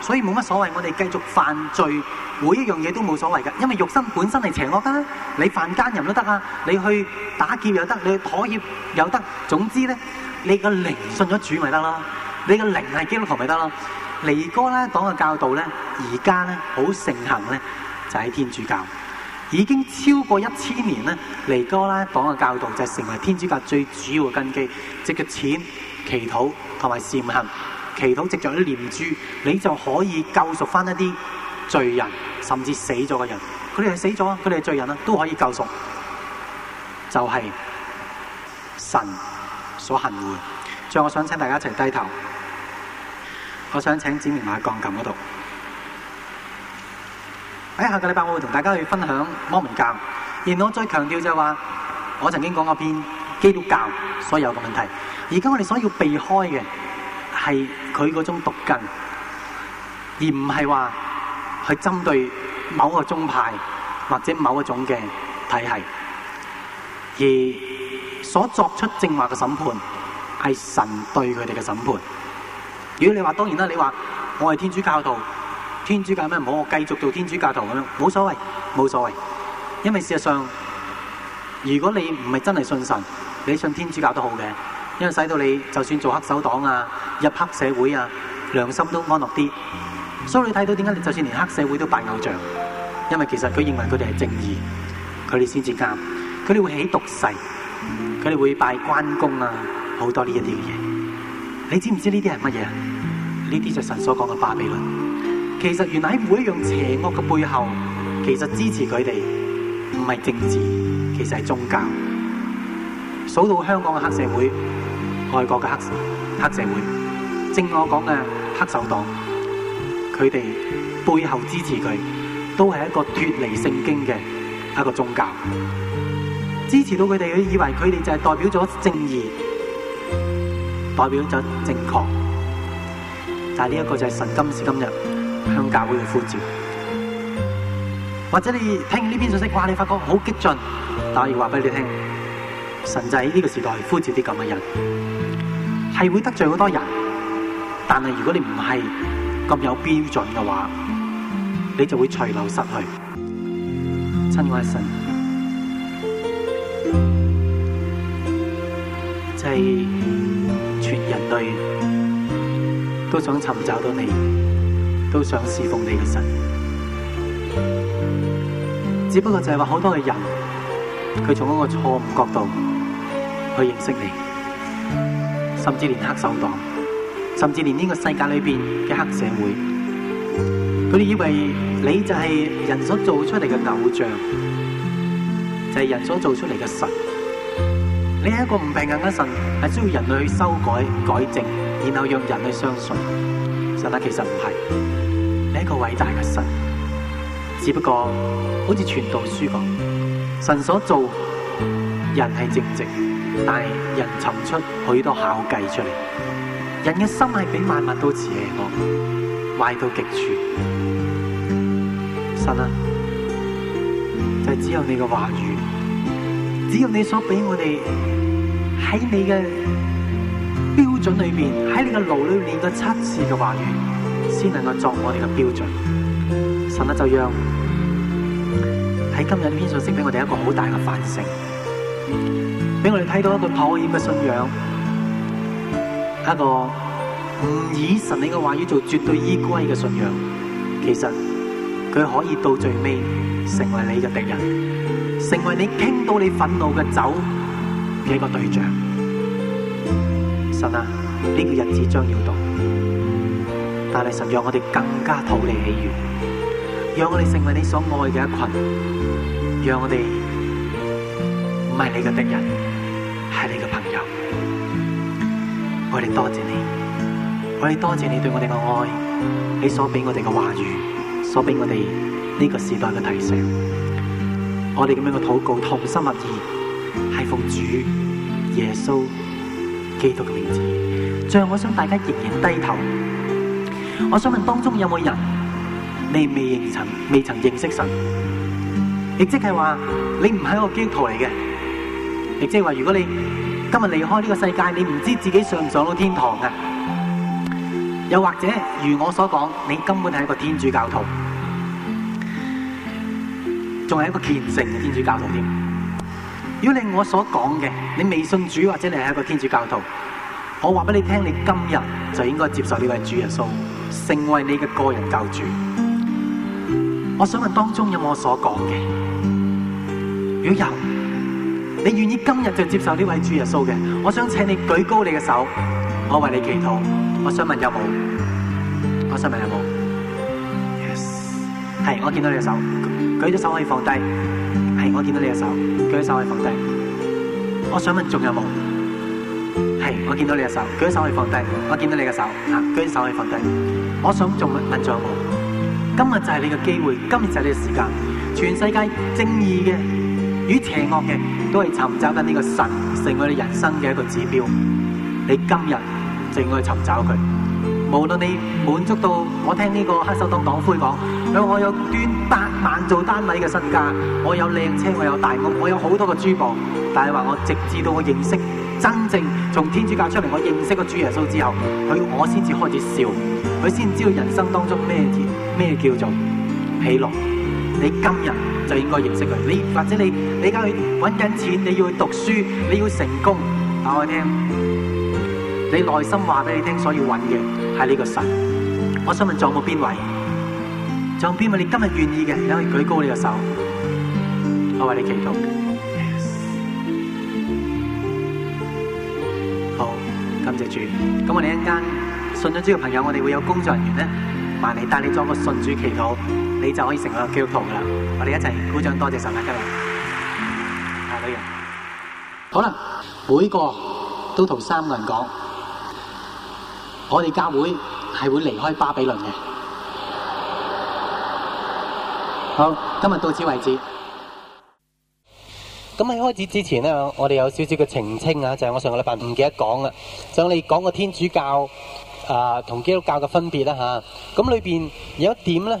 所以冇乜所謂，我哋繼續犯罪，每一樣嘢都冇所謂噶，因為肉身本身係邪惡噶，你犯奸淫都得啊，你去打劫又得，你去妥協又得，總之咧，你個靈信咗主咪得咯，你個靈係基督徒咪得咯。尼哥拉黨嘅教導咧，而家咧好盛行咧，就喺天主教，已經超過一千年咧。尼哥拉黨嘅教導就成為天主教最主要嘅根基，即叫錢、祈禱同埋善行。祈禱藉著啲念珠，你就可以救贖翻一啲罪人，甚至死咗嘅人。佢哋係死咗，佢哋係罪人都可以救贖。就係、是、神所行言。最後我想請大家一齊低頭。我想請展明埋鋼琴嗰度。喺、哎、下個禮拜我會同大家去分享摩門教。然後我再強調就係話，我曾經講過一篇基督教所有嘅問題。而家我哋所要避開嘅。係佢嗰種毒根，而唔係話去針對某個宗派或者某一種嘅體系，而所作出正話嘅審判，係神對佢哋嘅審判。如果你話當然啦，你話我係天主教徒，天主教咩唔好？我繼續做天主教徒咁樣，冇所謂，冇所謂。因為事實上，如果你唔係真係信神，你信天主教都好嘅，因為使到你就算做黑手黨啊。入黑社會啊，良心都安樂啲。所以你睇到點解？你就算連黑社會都拜偶像，因為其實佢認為佢哋係正義，佢哋先至啱，佢哋會起毒誓，佢哋會拜關公啊，好多呢一啲嘅嘢。你知唔知呢啲係乜嘢？呢啲就神所講嘅巴比倫。其實，原來喺每一樣邪惡嘅背後，其實支持佢哋唔係政治，其實係宗教。數到香港嘅黑社會，外國嘅黑黑社會。正我講嘅黑手黨，佢哋背後支持佢，都係一個脫離聖經嘅一個宗教。支持到佢哋，佢以為佢哋就係代表咗正義，代表咗正確。但係呢一個就係神今時今日向教會嘅呼召。或者你聽呢篇信息，哇！你發覺好激進，但係我要話俾你聽，神就喺呢個時代呼召啲咁嘅人，係會得罪好多人。但是如果你唔係咁有標準嘅話，你就會隨流失去。親愛的神，即係全人類都想尋找到你，都想侍奉你嘅神。只不過就係話好多嘅人，佢從一個錯誤角度去認識你，甚至連黑手黨。甚至連呢個世界裏邊嘅黑社會，佢哋以為你就係人所做出嚟嘅偶像，就係、是、人所做出嚟嘅神。你係一個唔平衡嘅神，係需要人類去修改、改正，然後讓人類相信。神啊，其實唔係你係一個偉大嘅神，只不過好似傳道書講，神所做人係正直，但係人尋出許多巧計出嚟。人嘅心係比萬物都邪惡，壞到極處。神啊，就係只有你嘅話語，只有你所俾我哋喺你嘅標準裏邊，喺你嘅爐裏邊煉咗七次嘅話語，先能夠作我哋嘅標準。神啊，就讓喺今日呢篇信息俾我哋一個好大嘅反省，俾我哋睇到一個妥協嘅信仰。一個唔以神你嘅話語做絕對依歸嘅信仰，其實佢可以到最尾成為你嘅敵人，成為你傾到你憤怒嘅酒嘅一個對象。神啊，呢、這個日子將要到，但係神讓我哋更加討你喜悅，讓我哋成為你所愛嘅一群，讓我哋唔係你嘅敵人，係你嘅朋友。我哋多謝你，我哋多謝你對我哋嘅愛，你所俾我哋嘅話語，所俾我哋呢個時代嘅提醒，我哋咁樣嘅禱告，同心合意，係奉主耶穌基督嘅名字。最後，我想大家仍然低頭。我想問當中有冇人，你未認曾未曾認識神？亦即係話你唔係一個基督徒嚟嘅，亦即係話如果你。今日離開呢個世界，你唔知自己上唔上到天堂嘅、啊，又或者如我所講，你根本係一個天主教徒，仲係一個虔誠嘅天主教徒添。如果令我所講嘅，你未信主或者你係一個天主教徒，我話俾你聽，你今日就應該接受呢位主耶穌，成為你嘅個人救主。我想問當中有冇我所講嘅？如果有。你願意今日就接受呢位主耶穌嘅？我想請你舉高你嘅手，我為你祈禱。我想問有冇？我想問有冇？Yes，係，我見到你嘅手，舉咗手可以放低。係，我見到你嘅手，舉咗手可以放低。我想問仲有冇？係，我見到你嘅手，舉咗手可以放低。我見到你嘅手，舉咗手可以放低。我想仲問仲有冇？今日就係你嘅機會，今日就係你嘅時間，全世界正義嘅。與邪惡嘅都係尋找緊呢個神，成為你人生嘅一個指標。你今日正去尋找佢，無論你滿足到我聽呢個黑手黨黨魁講，我有賺百萬做單位嘅身家，我有靚車，我有大屋，我有好多個珠寶，但係話我直至到我認識真正從天主教出嚟，我認識個主耶穌之後，佢我先至開始笑，佢先知道人生當中咩叫咩叫做喜樂。你今日。就應該認識佢，你或者你你而家去揾緊錢，你要去讀書，你要成功，話我聽。你內心話俾你聽，所以揾嘅係呢個神。我想問仲有邊位？仲有邊位你今日願意嘅，你可以舉高你個手，我為你祈禱。Yes. 好，感謝主。咁我哋一陣信咗主嘅朋友，我哋會有工作人員咧，埋嚟帶你做個信主祈禱，你就可以成為基督徒㗎喇。我哋一齊鼓掌，多謝神嘅恩典。阿李仁，可能每個都同三個人講，我哋教會係會離開巴比倫嘅。好，今日到此為止。咁喺開始之前咧，我哋有少少嘅澄清啊，就係我上個禮拜唔記得講啊，就我哋講個天主教啊同基督教嘅分別啦嚇。咁裏邊有一點咧。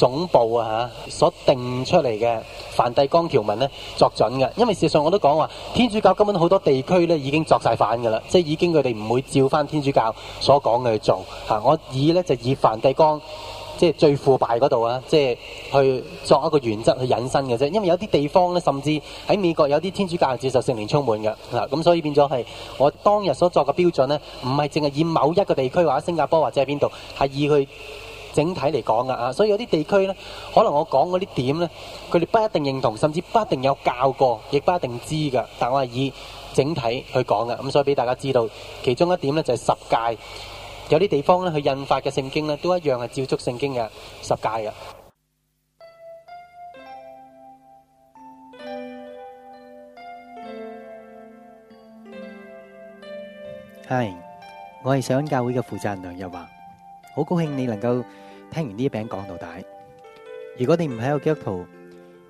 總部啊嚇所定出嚟嘅梵蒂岡條文咧作準嘅，因為事實上我都講話天主教根本好多地區咧已經作晒反㗎啦，即係已經佢哋唔會照翻天主教所講嘅去做嚇。我以咧就以梵蒂岡即係最腐敗嗰度啊，即係去作一個原則去引申嘅啫。因為有啲地方咧，甚至喺美國有啲天主教接受成年充滿嘅，嚇咁所以變咗係我當日所作嘅標準咧，唔係淨係以某一個地區或者新加坡或者喺邊度係以佢。整體嚟講噶啊，所以有啲地區咧，可能我講嗰啲點咧，佢哋不一定認同，甚至不一定有教過，亦不一定知噶。但係我係以整體去講噶，咁所以俾大家知道，其中一點咧就係十誡。有啲地方咧，佢印發嘅聖經咧，都一樣係照足聖經嘅十誡噶。係，我係錫安教會嘅負責人梁日華。好高興你能夠聽完呢一篇講道。如果你唔係一個基督徒，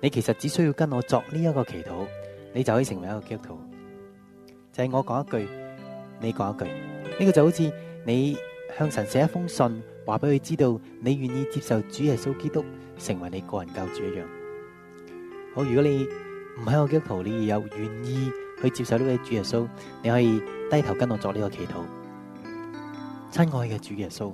你其實只需要跟我作呢一個祈禱，你就可以成為一個基督徒。就係我講一句，你講一句，呢個就好似你向神寫一封信，話俾佢知道你願意接受主耶穌基督成為你個人救主一樣。好，如果你唔係一個基督徒，你又願意去接受呢位主耶穌，你可以低頭跟我作呢個祈禱。親愛嘅主耶穌。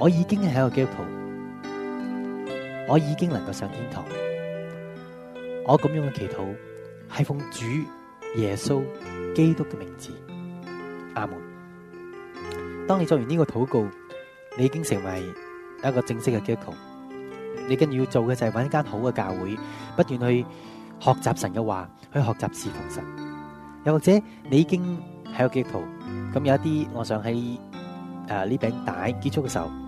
我已經係一個基督徒，我已經能夠上天堂。我咁樣嘅祈禱係奉主耶穌基督嘅名字，阿門。當你做完呢個禱告，你已經成為一個正式嘅基督徒。你跟住要做嘅就係揾一間好嘅教會，不斷去學習神嘅話，去學習侍奉神。又或者你已經係一個基督徒，咁有一啲，我想喺誒呢餅帶結束嘅時候。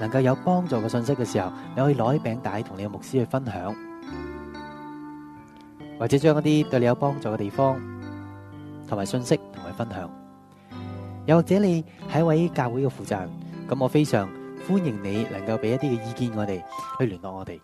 能夠有幫助嘅信息嘅時候，你可以攞起餅帶同你嘅牧師去分享，或者將一啲對你有幫助嘅地方同埋信息同佢分享。又或者你係一位教會嘅負責人，咁我非常歡迎你能夠俾一啲嘅意見我哋，去聯絡我哋。